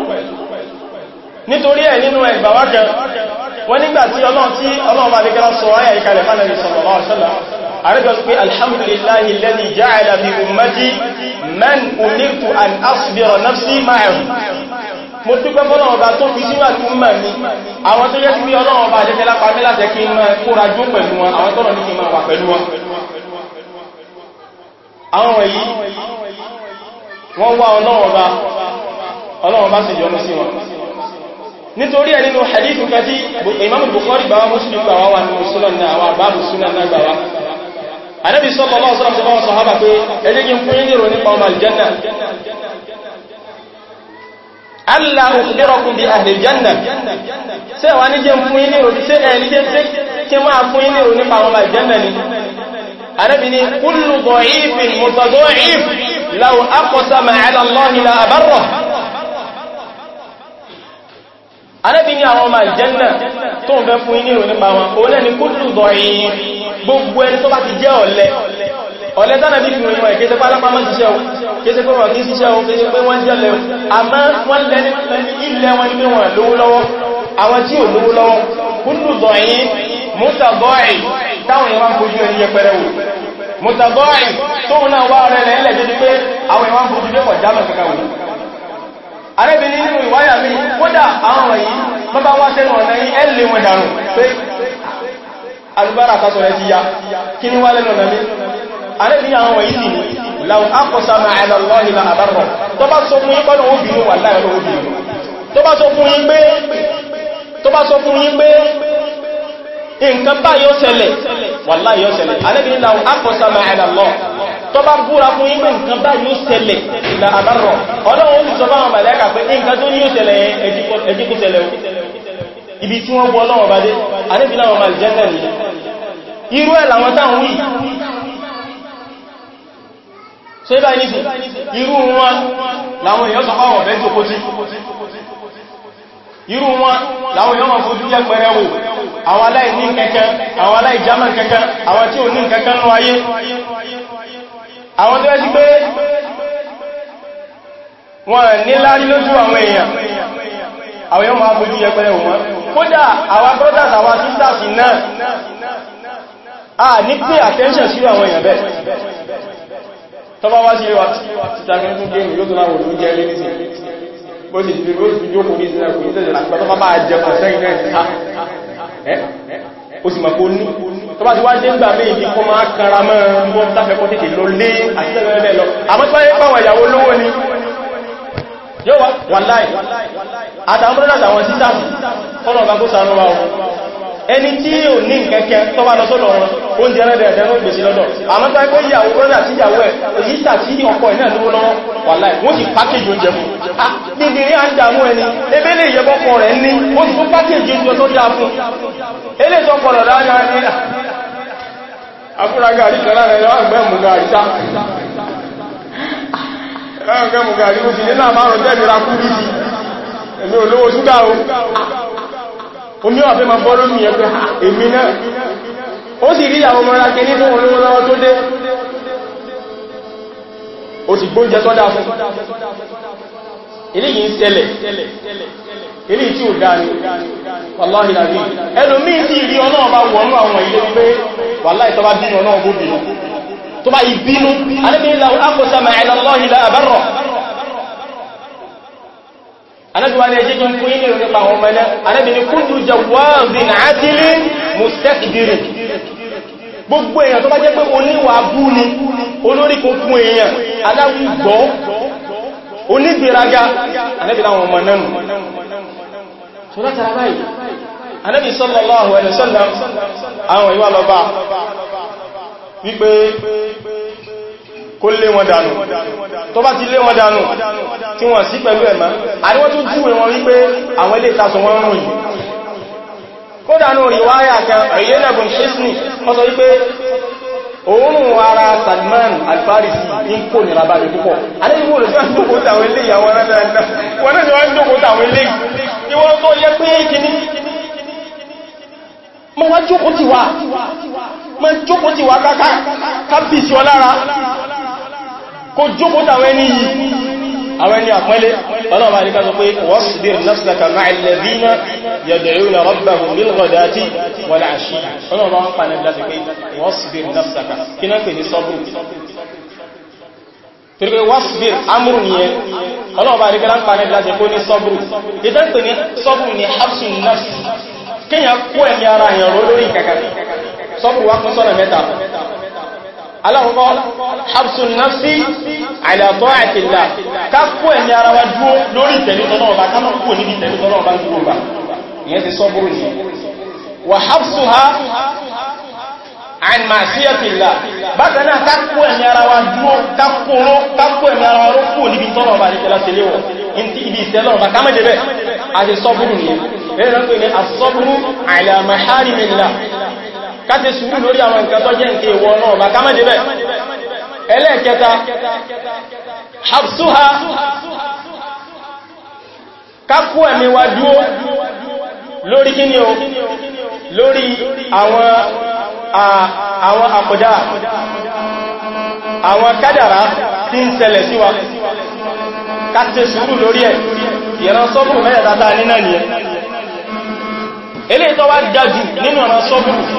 nítorí ẹ̀ nínú ẹgbàwákan wọ́n nígbàtí ọlọ́run tí ọlọ́run bá lẹ́gẹ́rá sọ ayà ìkàlẹ̀ fánàrí sallallahu alaihi wasallam àrẹ́gbẹ̀sí pé alhamdulillahi alladhi ja'ala bi ummati man umirtu an asbira nafsi ma'ahu mo dúpẹ́ fọ́lọ́wọ́ bá tó fi síwájú mọ̀ ní àwọn tó jẹ́ sí ọlọ́wọ́ bá jẹ́ lápá mẹ́lá jẹ́ kí mọ́ kóra jú pẹ̀lú wọn àwọn tọ́rọ ní kí mọ́ wà pẹ̀lú wọn àwọn èyí wọ́n wá ọlọ́wọ́ bá sì yọ́nú sí wọn nítorí ẹ̀ nínú hadithu ká tí imamu bukhari bá wá muslim gbà wá wà ní musulun náà wà bá musulun náà gbà wá anábi sallallahu alaihi wasallam sọ́wọ́n sọ́hábà pé ẹjẹ́ kí n kún yínlẹ̀ nípa ọmọ aljanna allah ukhbirakum bi ahli aljanna ṣe wà ní jẹ́ fún yínlẹ̀ ṣe ẹ̀ ní jẹ́ kí máa fún yínlẹ̀ nípa ọmọ aljanna Ànábì ní àwọn ọmọ aljanna tó ń fẹ́ fún inú ìròyìn pa wọn òun ẹni kó lù dọ̀yìn gbogbo ẹni tó bá ti jẹ́ ọ̀lẹ ọ̀lẹ tánà bí fún ìwọ̀n ìkéṣẹ́ pálápámọ́ síṣẹ́ o kéṣe pé wọ́n kí síṣẹ́ o kéṣe pé wọ́n jẹ́ lẹ́wọ́ àmọ́ wọ́n lẹ́ ilẹ̀ wọn ní wọn lówó lọ́wọ́ àwọn tí ò lówó lọ́wọ́ kúlù dọ̀yìn mútàbọ́ì táwọn arẹ́bìnrin nínú ìwáyà mi kódà àwọn wọ̀nyí mọ́ bá wá sẹ́nu ọ̀nà yí ẹ̀lẹ́ wọn dànù pé alubára àtàtọ̀ rẹ̀ ti ya kí ní wá ọ̀nà mi arẹ́bìnrin àwọn na nǹkan bá yóò ṣẹlẹ̀ wàlá yóò ṣẹlẹ̀ alẹ́bìnrin láwọn akọ̀sàmà àdàlọ́ tó bá búra fún yí pé nǹkan bá yóò ṣẹlẹ̀ ìlà àbárọ̀ ọlọ́run ó sì sọ fáwọn màlẹ́kà pé nǹkan tó ní yóò ṣẹlẹ̀ ẹjíkú ṣẹlẹ̀ ibi tí wọ́n bú ọlọ́run irú wọn láwọn èèyàn sọpá fojú jẹ́ pẹrẹwò àwọn aláìní kẹkẹ àwọn aláìjámọ̀ kẹkẹ àwọn tí ò ní kẹkẹ ń wáyé àwọn tó ẹ́ sí pé wọ́n níláàrí lójú àwọn èèyàn àwọn yóò máa fojú yẹpẹrẹ wọn kódà àwọn brothers àwọn sisters náà a ní pay attention sí àwọn èèyàn bẹ́ẹ̀ tọ́bá wá sí ìwà títàkì fún géèmù yóò tó láwọn olóòjẹ́ ilé nìsìn ó sì fi ó sì fi jókòó ní ìsinmi ó sì mọ̀ kó ní tó bá ti wá dé ń gbà mé ìdí kó máa kára mọ́ mọ́ tàfẹ́kọ́ tètè ló lé àti tẹ́lẹ̀ lọ àmọ́ ni yóò wà láì àtàwọn brọ́dà àtàwọn sísà kọ́nà ọ̀gá ẹni tí yíò ní nkẹ́kẹ́ tó bá lọ sọ́dọ̀ wọn oúnjẹ rẹ̀dẹ̀ ẹ̀dẹ̀ ló gbèsè lọ́dọ̀ àmọ́ tó ẹgbẹ́ ìyàwó sí ìyàwó ẹ̀ èyí tàbí lọ́wọ́ wọ́n oúnjẹ ah, ẹni ebe ní rẹ̀ ní afúragàrí kan gàrí ó sì nílà márùn-ún kú bí i ẹ̀mí olówó omi ọ̀fẹ́ ma bọ́rọ̀ mi ẹgbẹ́ èmi náà ó sì rí àwọn ọmọra kí nínú olówó lọ́wọ́ tó dé ó sì gbóúnjẹ sọ́dá fún eléyìí ń ṣẹlẹ̀ tí ò dáni wàláhì lábí ẹlòmí tí rí ọlọ́run bá wọnú àwọn ilé anábíwá ní ẹjẹ́ kí n kún yí nìrò nípa àwọn ọmọ ẹ̀nà anábí ní kullu jawwazin adilin mustakbirin gbogbo èèyàn tó bá jẹ́ pé oníwà bú ni olórí kún fún èèyàn aláwùgbọ́ onígbèraga anábí láwọn ọmọ nánú tó àwọn ìwà lọ wípé kó lé wọn dànù tó bá ti lé wọn dànù tí wọ́n sí pẹ̀lú ẹ̀mọ́ àríwọ́n tó júwe wọn wípé àwọn ilé ìtasọ̀ wọn rùn yìí kó dànù ríwáyà kan ẹ̀yẹ́nàbùn ṣísní wọ́n sọ wípé òórùn ara Salman al-Farisi ní kò ní rabari púpọ̀ alẹ́gbẹ̀wò lè sọ́nà tókò tàwọn ilé ìyàwó rádá ẹ̀nà wọ́n náà wọ́n tókò tàwọn ilé ìwọ́n tó yẹ pé kìní mọ́ wá jókòó ti wá mọ́ jókòó ti wá káká kábìsí ọlára kó jókòó tàwọn ẹni yìí àwọn ẹni àpẹẹlẹ ọlọ́wà ní káàkiri pé wasbir nafsaka ma'a alladhina yad'una rabbahum bil ghadati wal 'ashi ọlọ́wà ń pa nígbàtí pé wasbir nafsaka kí náà pè ní sọ́bùrù torípé wasbir amúrù nìyẹn ní káàkiri pé ní sọ́bùrù ìtẹ́ ní sọ́bùrù ní hapsun nafsi kíyàn kó ẹ̀mí ara ìyànró lórí kẹkẹrẹ sọ́bùrù wá kún sọ́nà mẹ́ta aláwọ̀kọ́ habsun nafsi ala ta'ati Allah ká kó ẹ̀mí ara wa dúó lórí ìtẹ̀lẹ́tọ́lọ́ọ̀bá ká mọ́ kó níbi ìtẹ̀lẹ́tọ́lọ́ọ̀bá gbogbo ìyẹn ti sọ búrú ní wà habsuha àìmà sí ẹ̀fìlá bákanáà kápò ẹ̀mí ara wa dúró kápòrò kápò ká ṣe sùúrù lórí àwọn nǹkan tó jẹ́ nǹkan ìwọ náà bá ká má débẹ̀ ẹlẹ́ẹ̀kẹta hapsuha ká kú ẹ̀mí wa dúó lórí kíni o lórí àwọn àwọn àkọjá àwọn kádàrá tí ń ṣẹlẹ̀ sí wa ká ṣe sùúrù lórí ẹ̀ ìran sọ́bùrù mẹ́ẹ̀ta ní náà nìyẹn eléyìí tó jájú nínú ọ̀nà sọ́bùrù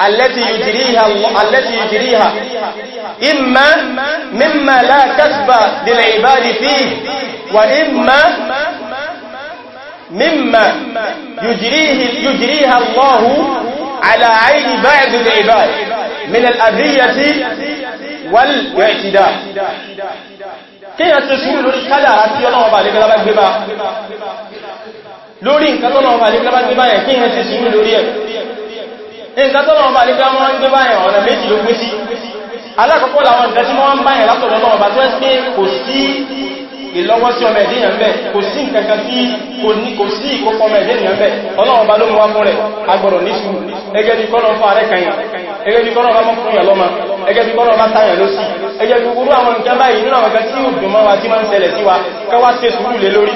التي يجريها التي يجريها إما مما لا كسب للعباد فيه وإما مما يجريه يجريها الله على عين بعض العباد من الأذية والاعتداء كيف تسول الكلام في الله بالك لبا لوري كلام بالك لبا يكين تسول لوري nǹkan tó lọ́wọ́ bá lè gbáwọn ń gbé báyìí ọ̀nà méjì ló gbé sí alákọ̀ọ́kọ́ làwọn nǹkan tí wọ́n ń báyìí látọ̀rọ̀ náà bá tó ẹ́ pé kò sí ìlọ́wọ́ sí ọmọ ẹ̀dẹ́yàn bẹ́ kò sí nǹkankan tí kò ní kò sí ìkópa ọmọ ẹ̀dẹ́yàn bẹ́ ọlọ́wọ́ bá ló mú wá fún rẹ̀ agbọ̀rọ̀ ní ṣùgbù ẹgẹ́ bí kọ́nà fún ààrẹ kanyà ẹgẹ́ bí kọ́nà bá mọ́ fún yàn ẹgẹ́ bí kọ́nà bá ló sí ẹgẹ́ bí gbogbo àwọn nǹkan báyìí nínú àwọn kan tí ó dùn mọ́ tí máa ń ṣẹlẹ̀ sí wa káwá ṣe sùúrù lé lórí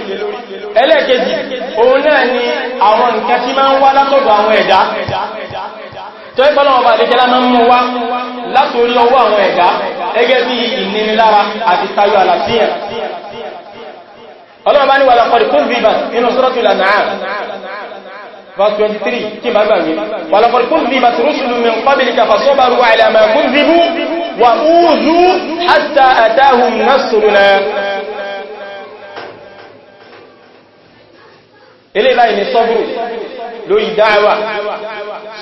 ẹlẹ́ẹ̀kejì òun náà ni àwọn nǹkan tí máa ń wá látọ̀dọ̀ àwọn ẹ̀dá tó ẹ́ pọ́lọ́wọ́ bá lẹ́jẹ́ lánà mú wá látorí ọwọ́ àwọn ẹ̀dá ẹgẹ́ bí ìnínilára àti tayọ àlàfíà ọlọ́wọ́ bá ní wàlá pọ̀lì kún bíbà nínú suratul An'am verse 23 kí bá gbàgbé wàlá pọ̀lì kún bíbà tí rusulun ilé láì ní sọ́bùrù lórí dáẹwà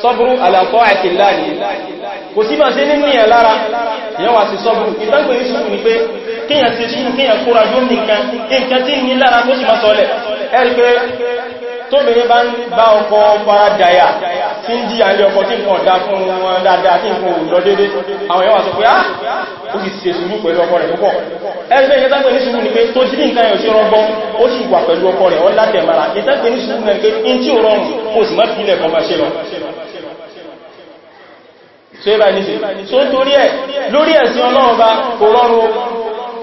sọ́bùrú àlàkọ́ àti láàrin kò sí máa ṣe nínú ìyàn lára ìyànwà sí sọ́bùrú ìtàgbẹ̀ ìṣùgbù ni pé kíyàn ti ṣú kíyàn kóra yóò nìkan nǹkan tí ní lára tó sì máa sọ́lẹ̀ ẹ̀rí pé tó mẹ́rin bá ń bá ọkọ para jàyà tí ń jí àlẹ́ ọkọ tí nǹkan ọ̀dá fún wọn dáadáa tí nǹkan òun lọ dédé àwọn ẹwà sọ pé á ah, ó sì ṣe sùúrù pẹ̀lú ọkọ rẹ̀ púpọ̀ ẹgbẹ́ ìyẹ́tàgbẹ̀ ní sùúrù ni pé tó jí nǹkan ẹ̀yọ̀ sí ọgbọ́n ó sì wà pẹ̀lú ọkọ rẹ̀ ọlátẹ̀mára ìtàgbẹ̀ ní sùúrù náà pé in tí ò rọrùn ó sì má fílẹ̀ kan máa ṣe lọ so torí ẹ̀ lórí ẹ̀sìn ọlọ́ọ̀ba kò rọrùn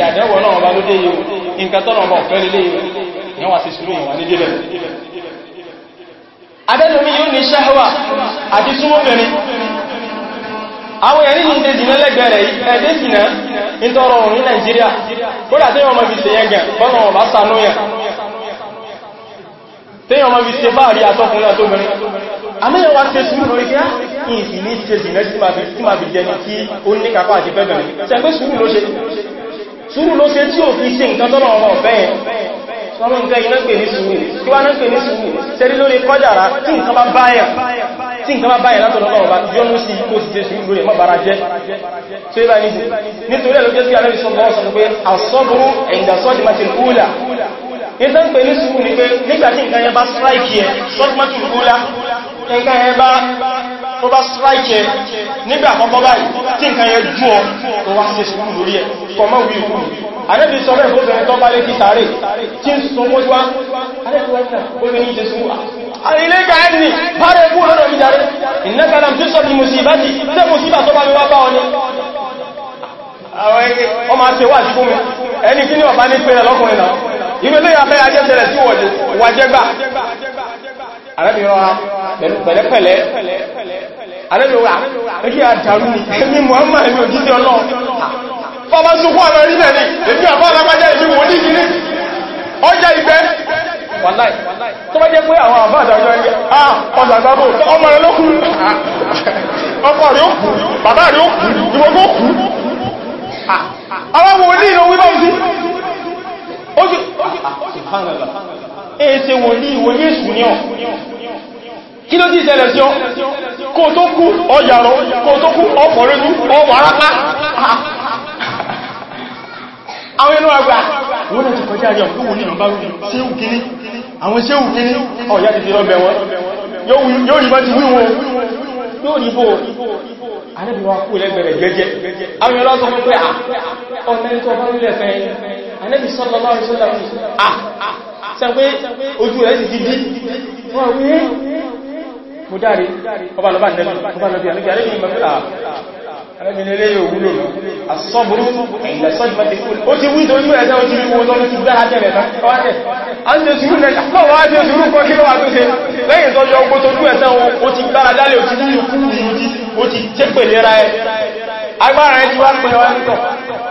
àdẹ́wọ̀ náà bá ló dé yíò nǹkan tọ́nà ọba ọ̀fẹ́ lílé yíò ní wà sí sùúrù ìwà ní délẹ̀ adẹ́lómi yóò ní ṣáhọ́wà àti súnmọ́bìnrin àwọn ẹ̀rí ní ìdẹ́jì lẹ́lẹ́gbẹ̀rẹ̀ ẹ̀dẹ́sì náà ń tọrọ ọ̀run ní Nàìjíríà kódà tí wọ́n mọ́ fi ṣe yẹn gẹn bọ́nà ọ̀bá sanú yẹn tí wọ́n mọ́ fi ṣe bá rí àtọ́kùnrin àtóbìnrin àmìyàn wá ṣe sùúrù lórí kí ìfì ní ṣe jìnlẹ́ tí ma fi jẹni tí ó ní kàpá àti pẹ́bẹ̀rẹ̀ tẹ́gbẹ́ sùúrù ló ṣe sùúrù ló ṣe tí ò fi ṣe nǹkan tọ́lọ̀ ọmọ ọ̀fẹ́ yẹn sọmọ nǹkan iná pè ní sùúrù kí wá náà pè ní sùúrù tẹ́rí lórí kọjàrá tí nǹkan bá báyà tí nǹkan bá báyà látọ̀lọ́ náà bá yọnú sí kó sì ṣe sùúrù lórí mọ́bara jẹ́ tó yẹ bá ní sí nítorí ẹ̀lú jẹ́ sí alẹ́bí sọmọ sọ pé àsọ́bùrú ẹ̀yìndàsọ́dì máa ti kúlà nígbà tí nǹkan ní sùúrù ni pé nígbà tí strike yẹ sọ́dì máa ti kúlà nǹkan yẹn bá tó bá strike ẹ nígbà àkọ́kọ́ báyìí tí nǹkan yẹ jú ọ tó wá ṣe sùúrù lórí ẹ kọmọ wí ìkú àrẹ́bí sọ rẹ̀ fóbìnrin tó bá lé kí sàárè tí ń sọ ah, mọ́ wá ọmọ àti ìwà àti fún mi ẹni kí ní ọ̀bá ní pẹ̀lẹ̀ lọ́kùnrin náà ìwé lè yà fẹ́ ajẹ́jẹ̀rẹ̀ sí wọ̀dẹ̀ wàjẹ́gbà arábì rọra pẹ̀lẹ́pẹ̀lẹ́ arábì rọra ẹgbí àjàrú ẹmí muhammad ẹmí òjísí ọlọ́ fọ́bá súnkún àwọn ẹ̀rí bẹ̀rẹ̀ èmi àbá alápájá èmi wọ́n ní ọjà ìgbẹ́ wàláì tó bá jẹ́ pé àwọn àbá àdájọ́ ẹgbẹ́ ah ọ̀sàgbàbò ọmọ rẹ̀ ló ọkọ rẹ̀ ó kú bàbá rẹ̀ ó kú ìwọ̀gbọ́ kú àwọn wòlíì lọ wíbọ̀ sí ó sì èsè wòlí ìwòlí èsù ní ọ̀ kí ló dìí ṣẹlẹ̀ sí ọ kò tó kú ọjàrọ kò tó kú ọpọ̀lẹ́nu ọwọ̀ arápá àwọn inú àgbà wọ́n lẹ́tí kọjá àjọ ìwò ní ọ̀bá rúrù séhù kìíní àwọn séhù kìíní ọ̀yá ti fi lọ́bẹ̀ wọn yóò rí bá ti wí wọn yóò rí bó alẹ́bíwá kú lẹ́gbẹ̀rẹ̀ gẹ́gẹ́ àwọn ìrọ́sọ anẹ́bì sallallahu alaihi wasallam ah sẹ́gbé ah, ah. ojú rẹ̀ sì dídí wọ́n wí mo dáre ọba lọ́bà nẹ́bì anẹ́bì anẹ́bì mẹ́fẹ́ anẹ́bì nílé yóò wúlò asọ́bùrú ẹ̀yìnlẹ̀ sọ́jùmọ́tí ó ti wí torí mẹ́rẹ̀ tẹ́wọ́ ti a ń tẹ́ sùúrù nẹ́ta lọ́wọ́ á tẹ́ sùúrù kọ́ kí lọ́wọ́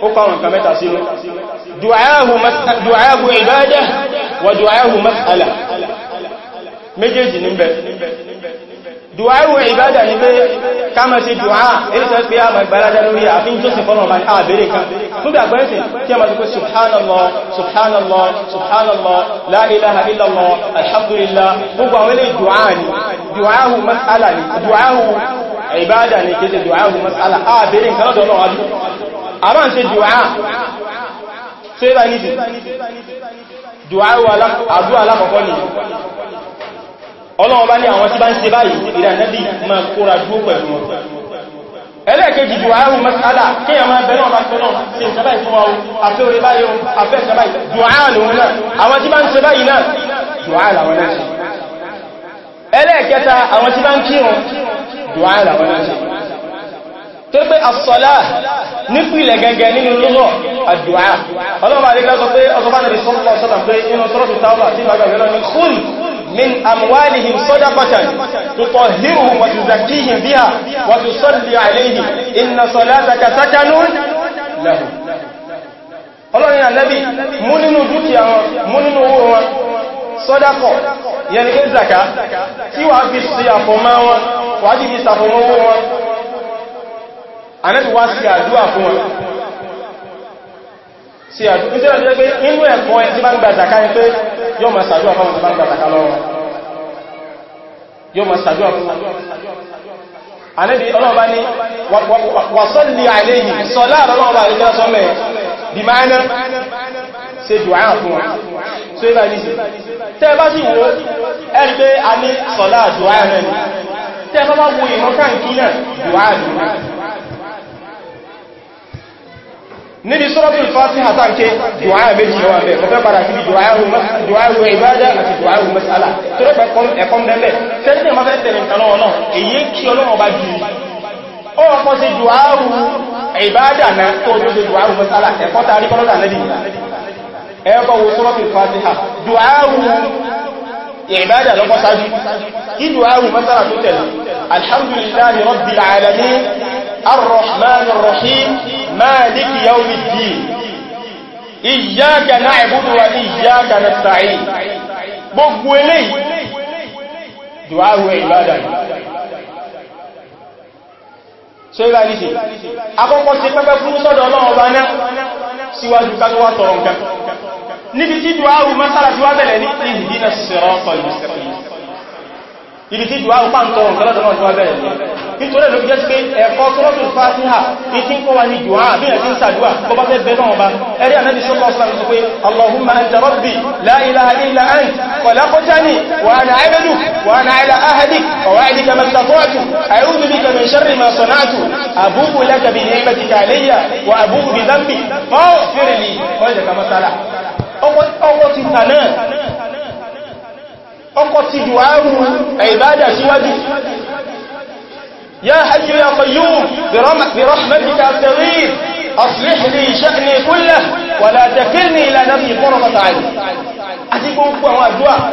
ó kọrùn kan mẹ́ta sínú du'ahu ibadah wa du'ahu mas'ala méjèèjì níbẹ̀ du'ahu ibadah ní pé ká máa ṣe du'a èyí tó pé àmà ìgbàlájá lórí àfin tó sì fọ́nà máa àbẹ̀rẹ̀ kan fún bí àgbẹ́sì tí a máa tukú subhanallah subhanallah subhanallah la ilaha illallah alhamdulillah gbogbo àwọn ilé du'a ni du'ahu mas'ala ni àmá ń ṣe dùwà ṣe bá ní sí dùwà àdú alákọ̀ọ́kọ́ ni ọlọ́wọ́ bá ní àwọn tí bá ń ṣe báyìí ìrànlẹ́bí ma kóra dúó pẹ̀lú wọn ẹlẹ́ẹ̀kejì dùwàáwù mẹ́sàlá kí a máa bẹ̀rẹ̀ ọmọ tọ́nà tí ń sẹ́bà ìfún ọwọ́ afẹ́ orí báyìí ohun afẹ́ sẹ́bà dùwàáwù náà àwọn tí bá ń sẹ́bà yìí náà dùwàáwù àwọn náà ẹlẹ́ẹ̀kẹta àwọn tí bá ń kírun dùwàáwù àwọn náà tó pé àsọ̀lá nípìlẹ̀ gẹ̀gẹ̀ nínú lọ́lọ́ àdúà ọlọ́run àríkà sọ pé ọsọ́bá nàbí sọ́lọ́ sọ́lá pé inú sọ́rọ̀tù táwà tí bàbá ìrọ̀ ní kún min amwalihim sadaqatan tutahhiruhum wa tuzakkihim biha wa tusalli alayhim inna salataka sakanun lahum ọlọ́run ànábì mú nínú dúkìá wọn mú nínú owó wọn sọ́dápọ̀ yẹni ìzàká tí wà fi sí àfọ̀mọ́ wọn wà á jìbí sàfọ̀mọ́ owó wọn anẹ́bí wá sí àdúwà fún wọn sí àdúwà tí ó jẹ́ pé inú ẹ̀kọ́ ẹ tí bá ń gba zaka pé yóò máa sàdúwà fún àwọn gba zaka lọ́wọ́ yóò máa sàdúwà fún anẹ́bí ọlọ́ọ̀bá ní wàsọ́lì àìlẹ́yìn sọ láàrọ̀ ọlọ́ọ̀bá àìlẹ́jọ́ sọ́mẹ̀ bí máa ná ṣe dùn àyà fún wọn tó ibà ní sí tẹ́ bá sì wo ẹni pé níbi sọ́rọ̀tún fásíhà tánké dùwáyà méjì yíwa bẹ̀ ọ̀fẹ́ padà sí dùwáyàwó ìbádá àti dùwáyàwó mẹ́sàlá tó rẹ̀ ẹ̀kọ́m dẹ́lẹ̀ tẹ́lẹ̀ ma fẹ́ tẹ̀rẹ̀ nǹkan lọ́wọ́ náà èyí kí ọlọ́wọ́ bá jù ó ọkọ́ sí dùwáyàwó ìbádá náà tó tó sí dùwáyàwó mẹ́sàlá ẹ̀kọ́ tàrí kọ́lọ́dà nẹ́bì ẹ̀kọ́ wo sọ́rọ̀tún fásíhà dùwáyàwó ìbádà lọ́kọ́ sáájú ìlú àrùn mẹ́sára tó tẹ̀lẹ̀ alhamdulillahi rabbil alamin arrahmanir rahim مالك يوم الدين إياك نعبد وإياك نستعين gbogbo eléyìí dùwárùwẹ̀ ìbádà so ìbá ní sí akọ́kọ́ ti pẹ́pẹ́ fún sọ́dọ̀ ọlọ́run ọba náà síwájú kájúwá tọrọ nǹkan níbi tí dùwárù mọ́sára tí wá bẹ̀rẹ̀ ní ìdínà sẹ̀rọ̀ ọ̀tọ̀ ìlú nítorí ló jẹ́ pé ẹ̀kọ́ sọ́rọ̀tún fásíhà ìtí ń kó wa ní jùhá bí ẹ̀ tí ń sàdúwà bọ́ bá fẹ́ bẹ́ náà bá ẹ̀rí ànábì sọ́kọ̀ ọ̀sán sọ pé allahumma anta rabbi ọkọ̀ ti tà náà ọkọ̀ ti jù síwájú يا حي يا قيوم برحمتك استغيث اصلح لي شأني كله ولا تكلني الى نفسي قربة عيني اتيكم قوة واجواء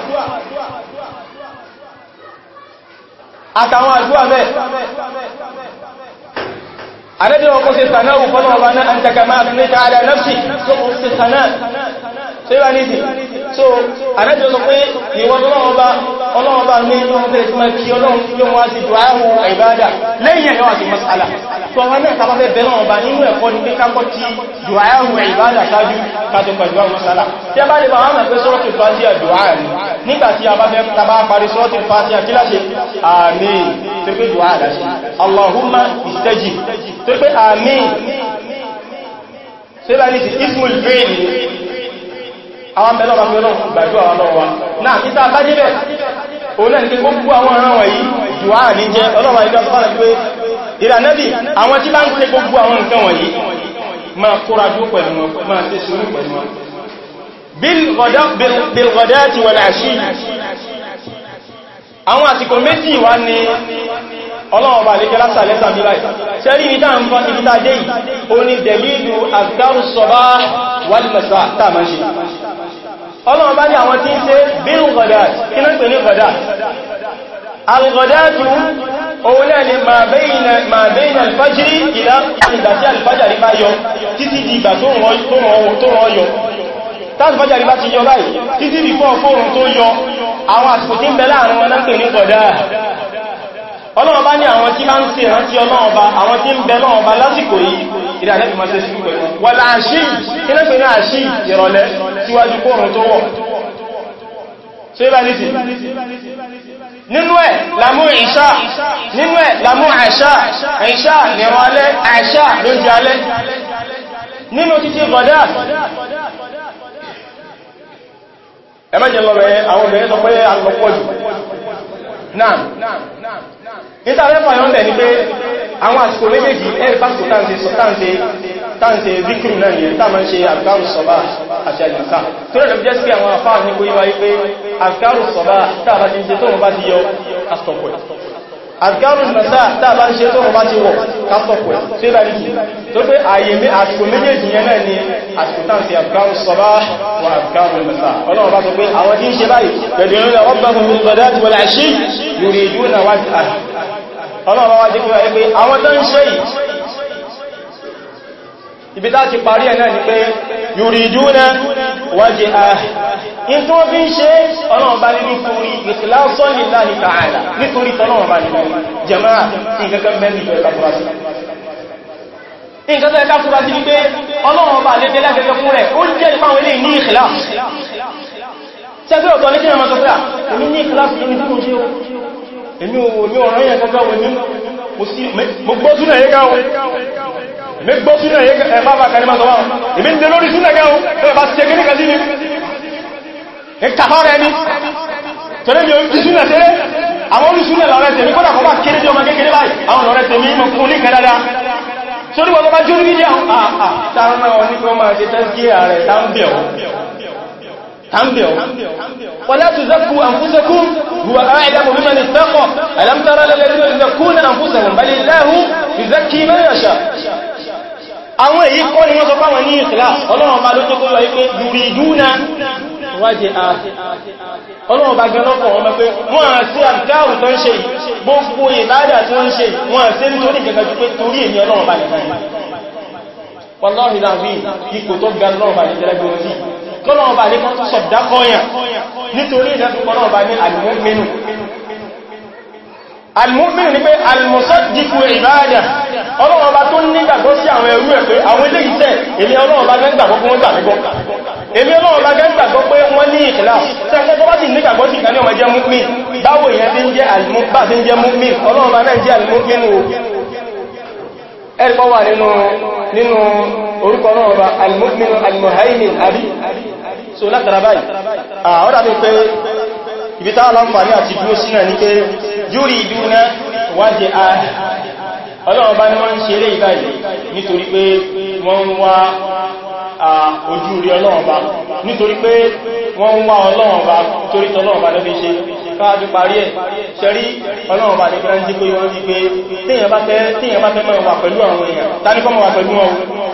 اتوا واجواء به انا دي وقصي الثناء وفضل الله انت كما اثنيت على نفسي وقصي الثناء síbà ní sí so àdájọ́ sọ pé ìwọ̀n ọlọ́ọ̀bá ọlọ́ọ̀bá ní ọmọdé tí máa kí ọlọ́run tí wọ́n ti dùn áhùn ìbádà lẹ́yìn ẹ̀yọ́ àti masala tó wọ́n náà tàbá fẹ́ bẹ̀rẹ̀ ọba nínú ẹ̀kọ́ ní kíkàkọ́ ti dùn áhùn ìbádà sáájú kàtò pẹ̀lú àwọn masala tí a bá lè bá wọn pẹ́ sọ́rọ̀tì fàtíà dùn áàrí nígbà tí a bá fẹ́ tàbá parí sọ́rọ̀tì fàtíà àwọn bẹ̀rẹ̀ ọba pẹ̀lú ìgbàjú àwọn ọlọ́wà náà títà bá débẹ̀ òun náà ní pé gbogbo àwọn ọ̀ràn wọ̀nyí dùwà ní jẹ́ ọlọ́wà ilẹ̀ ọ̀tọ́ rẹ̀ pé ìrànẹ́bì àwọn tí bá ń pè gbogbo àwọn nǹkan wọ̀nyí máa kóra dúró pẹ̀lú wọn máa tẹ́ sí orí pẹ̀lú wọn bilgadati wal ashi àwọn àsìkò méjì wá ní ọlọ́wọ́ bá lè kẹ́lásà lẹ́sà bí láì ṣẹ́rí ìdá ń fọ́n ìdíta dé yìí o ní dẹ̀lú àgbárùsọ́bá wal masa tàà máa ṣe ọlọ́run bá ní àwọn tí ń ṣe bíl gọ̀dáàt kí ló ń pè ní gọ̀dáàt algọ̀dáàtù òun náà ni ma bẹ́yìn alfajiri ìlà ìgbà tí alfajari bá yọ títí di ìgbà tó rán yọ tásfajari bá ti yọ báyìí títí di fọ́ fóòrùn tó yọ àwọn àsìkò tí ń bẹ láàrin wọn náà pè ní gọ̀dáàt ọlọ́run bá ní àwọn tí síwájú kóòrùn tó wọ̀ ṣe bá ní sí nínú ẹ̀ lámú ìṣá nínú ẹ̀ lámú àṣá ìṣá nìran alẹ́ àṣá lójú alẹ́ nínú títí gọ̀dá ẹmẹ́jẹ lọ rẹ̀ àwọn obìnrin sọ pé àlọ́pọ̀ jù náà nítàrẹ́fà yọ́ndẹ̀ ni pé àwọn àsìkò méjèèjì ẹ̀rí pásìkò táǹsì tá ń ṣe zikiru náà yẹn tá ma ń ṣe àgbárù sọ̀bá àti àjùmọ̀ká tó rẹ̀ jẹ́ sí àwọn àfáà ní wíwá wípé àgbárù sọ̀bá tàbá ti ṣe tó wọ́n bá ti yọ kásọ̀pọ̀ àgbárù mẹ́ta tàbá ń ṣe tó wọ́n bá ti wọ̀ kásọ̀pọ̀ tí bá nìkì tó pé ààyè mé méjèèjì yẹn náà ni àsìkò tá ń ṣe àgbárù sọ̀bá wà àgbárù mẹ́ta ọlọ́run bá sọ pé àwọn tí ń ṣe báyìí pẹ̀lú ìrìnlẹ̀ ọgbàmù mi gbọdá ti àwọn tó ń ṣe yìí ibi tá ti parí ẹ̀ náà ni pé yuriduna wajha in tó bí ń ṣe ọlọ́ọ̀bá ní nítorí ikhlasan lillahi ta'ala nítorí tọ́lọ́ọ̀bá ní jama'a nǹkan mẹ́rin ìgbẹ̀rẹ̀ kàtùrásí nǹkan tó ẹ̀ká fúra sí wípé ọlọ́ọ̀bá lè dé lágẹ́gẹ́ fún rẹ̀ ó jẹ́ ìpáwọn ilé ní ikhlas sẹ́gbẹ́ ọ̀tọ̀ ní kí ẹ̀mọ́ sọ́fẹ́ àmì ní ikhlas lórí tí mo ṣe ó èmi ò rán yẹn kọ́kọ́ ní mo gbọ́ èmi gbọ́ súnà ẹ̀bá bá kàní máa sọ́wọ́ èmi ń dé lórí súnà gẹ́ ohun ẹ̀bá ti ṣegé ní kàzí ni ìtàfàrẹ ni torí mi ò ń fi súnà tẹ́lẹ̀ àwọn olùsúnà lọ́rẹ́ tẹ̀mí kọ́nà kọ́ bá kéré tí ọmọ kékeré báyìí àwọn lọ́rẹ́ tẹ̀mí mọ̀ fún ní kẹ́dàdà sórí wọ́n bá jórí nílé àwọn àà táwọn náà ní kọ́ máa ṣe tẹ́sí ààrẹ tambio wala tuzakku anfusakum huwa a'lamu biman ittaqa alam tara alladhina yuzakkuna anfusahum bal illahu yuzakki man yasha àwọn èyí kọ́ ni wọ́n sọ fáwọn ní ìsìlá ọlọ́run bá ló tó kó lọ wípé lùrì ìdúnà wájẹ̀ àti ọlọ́run bá gẹ́ lọ́pọ̀ wọn pé wọ́n à sí àkáàrù tó ń ṣe gbogbo ìbádà tó ń ṣe wọ́n à sí nítorí gẹ́gẹ́ jù pé torí èmi ọlọ́run bá nìkan wọ́lọ́rìn láàrí ipò tó ga lọ́run bá nìkan lẹ́gbẹ̀ẹ́ wọn sí lọ́run bá nìkan tó sọ̀dá kọ́yàn nítorí ìdájúkọ́ lọ́run bá ní àlùmọ́mínú almu'minu ni pé almusaddiqu ibada ọlọ́run ọba tó nígbàgbọ́ sí àwọn ẹrú ẹ̀ pé àwọn eléyìí tẹ̀ èmi ọlọ́run ọba gẹ́ gbàgbọ́ fún gbà gbọ́ èmi ọlọ́run ọba gẹ́ gbàgbọ́ pé wọ́n ní ìkìlá tẹ́ẹ̀kẹ́ tó bá sì nígbàgbọ́ sí ìkàní ọmọ jẹ́ múkmí báwo ìyẹn ti ń jẹ́ àlùmú bá ti ń jẹ́ múkmí ọlọ́run ọba náà jẹ́ àlùmú nínú ẹ̀rìkọ́ wà nínú nínú orúkọ náà ọba alìmọ́kùnrin alìmọ̀háìmìn àbí so látara báyìí àọ́dá bí pé ibi táà lọ́nfà ní àti dúró sínà ní pé yóò rí ìdúró náà wájẹ̀ ààrẹ ọlọ́run bá ní wọ́n ń ṣe eré ìbáyìí nítorí pé wọ́n ń wá ojú rí ọlọ́run bá nítorí pé wọ́n ń wá ọlọ́run bá torí tọ́lọ́run bá lọ́fẹ́ ṣe káàdù parí ẹ̀ ṣẹ́rí ọlọ́run bá lè gbá ń jí pé wọ́n rí pé téèyàn bá fẹ́ mọ́ wà pẹ̀lú àwọn èèyàn tání kọ́ mọ́ wà pẹ̀lú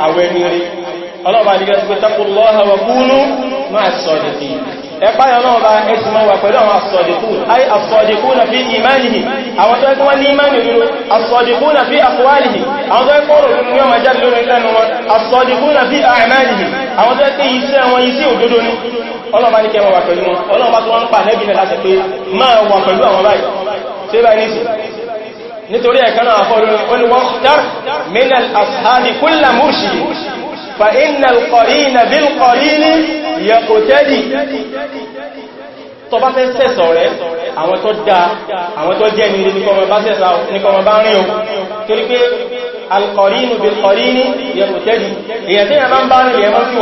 àwọn ẹni rí ọlọ́run ẹ̀páyà náà bá ẹ̀sì máa wà pẹ̀lú àwọn as-sadiqun ay as fi imanihim àwọn tó ẹkùn wọ́n ní imani rúrú as-sadiqun fi aqwalihim àwọn tó ẹkùn rúrú ní ọmọ jáde lórí lẹ́nu wọn as-sadiqun fi a'malihim àwọn tó ẹkùn iṣẹ́ wọn iṣẹ́ òdodo ni ọlọ́ọ̀bá ní kẹwàá wà pẹ̀lú wọn ọlọ́ọ̀bá tó wọ́n ń pa lẹ́bìn láti pé máa wà pẹ̀lú àwọn báyìí tí bá ní sí nítorí ẹ̀kan فإن القرين بالقرين يقتدي tó bá fẹ́ sẹ́sọ̀ rẹ̀ àwọn tó dáa àwọn tó jẹ́ nílé nìkọmọ bá sẹ́sà nìkọmọ bá rìn o torí pé alkọ̀rínù bí kọ̀rínì yẹ̀kù tẹ́lì èyàn tí yàmá ń bá rìn yẹ̀mọ́ tí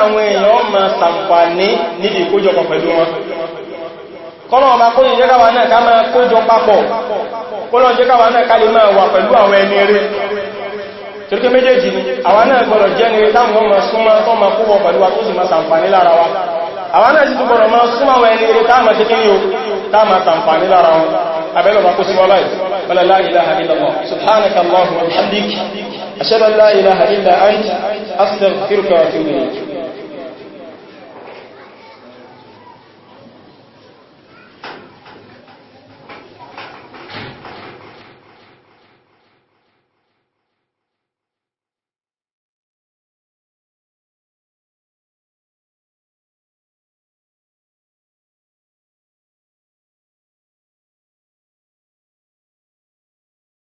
àwọn èèyàn máa ṣàǹfààní níbi ìkójọpọ̀ pẹ̀lú wọn kọ́lọ̀ ọba kó yìí jẹ́kàwà náà ká máa kó jọ papọ̀ kọ́lọ̀ jẹ́kàwà náà ká lè máa wà pẹ̀lú àwọn ẹni eré torípé méjèèjì ni àwa náà gbọ́dọ̀ jẹ́ ní táwọn ọmọ súnmọ́ tó máa kó wọ pẹ̀lú wa tó sì máa sàǹfàní lára wa àwa náà sì tún gbọ́dọ̀ máa súnmọ́ àwọn ẹni eré táàmà ṣe kíní o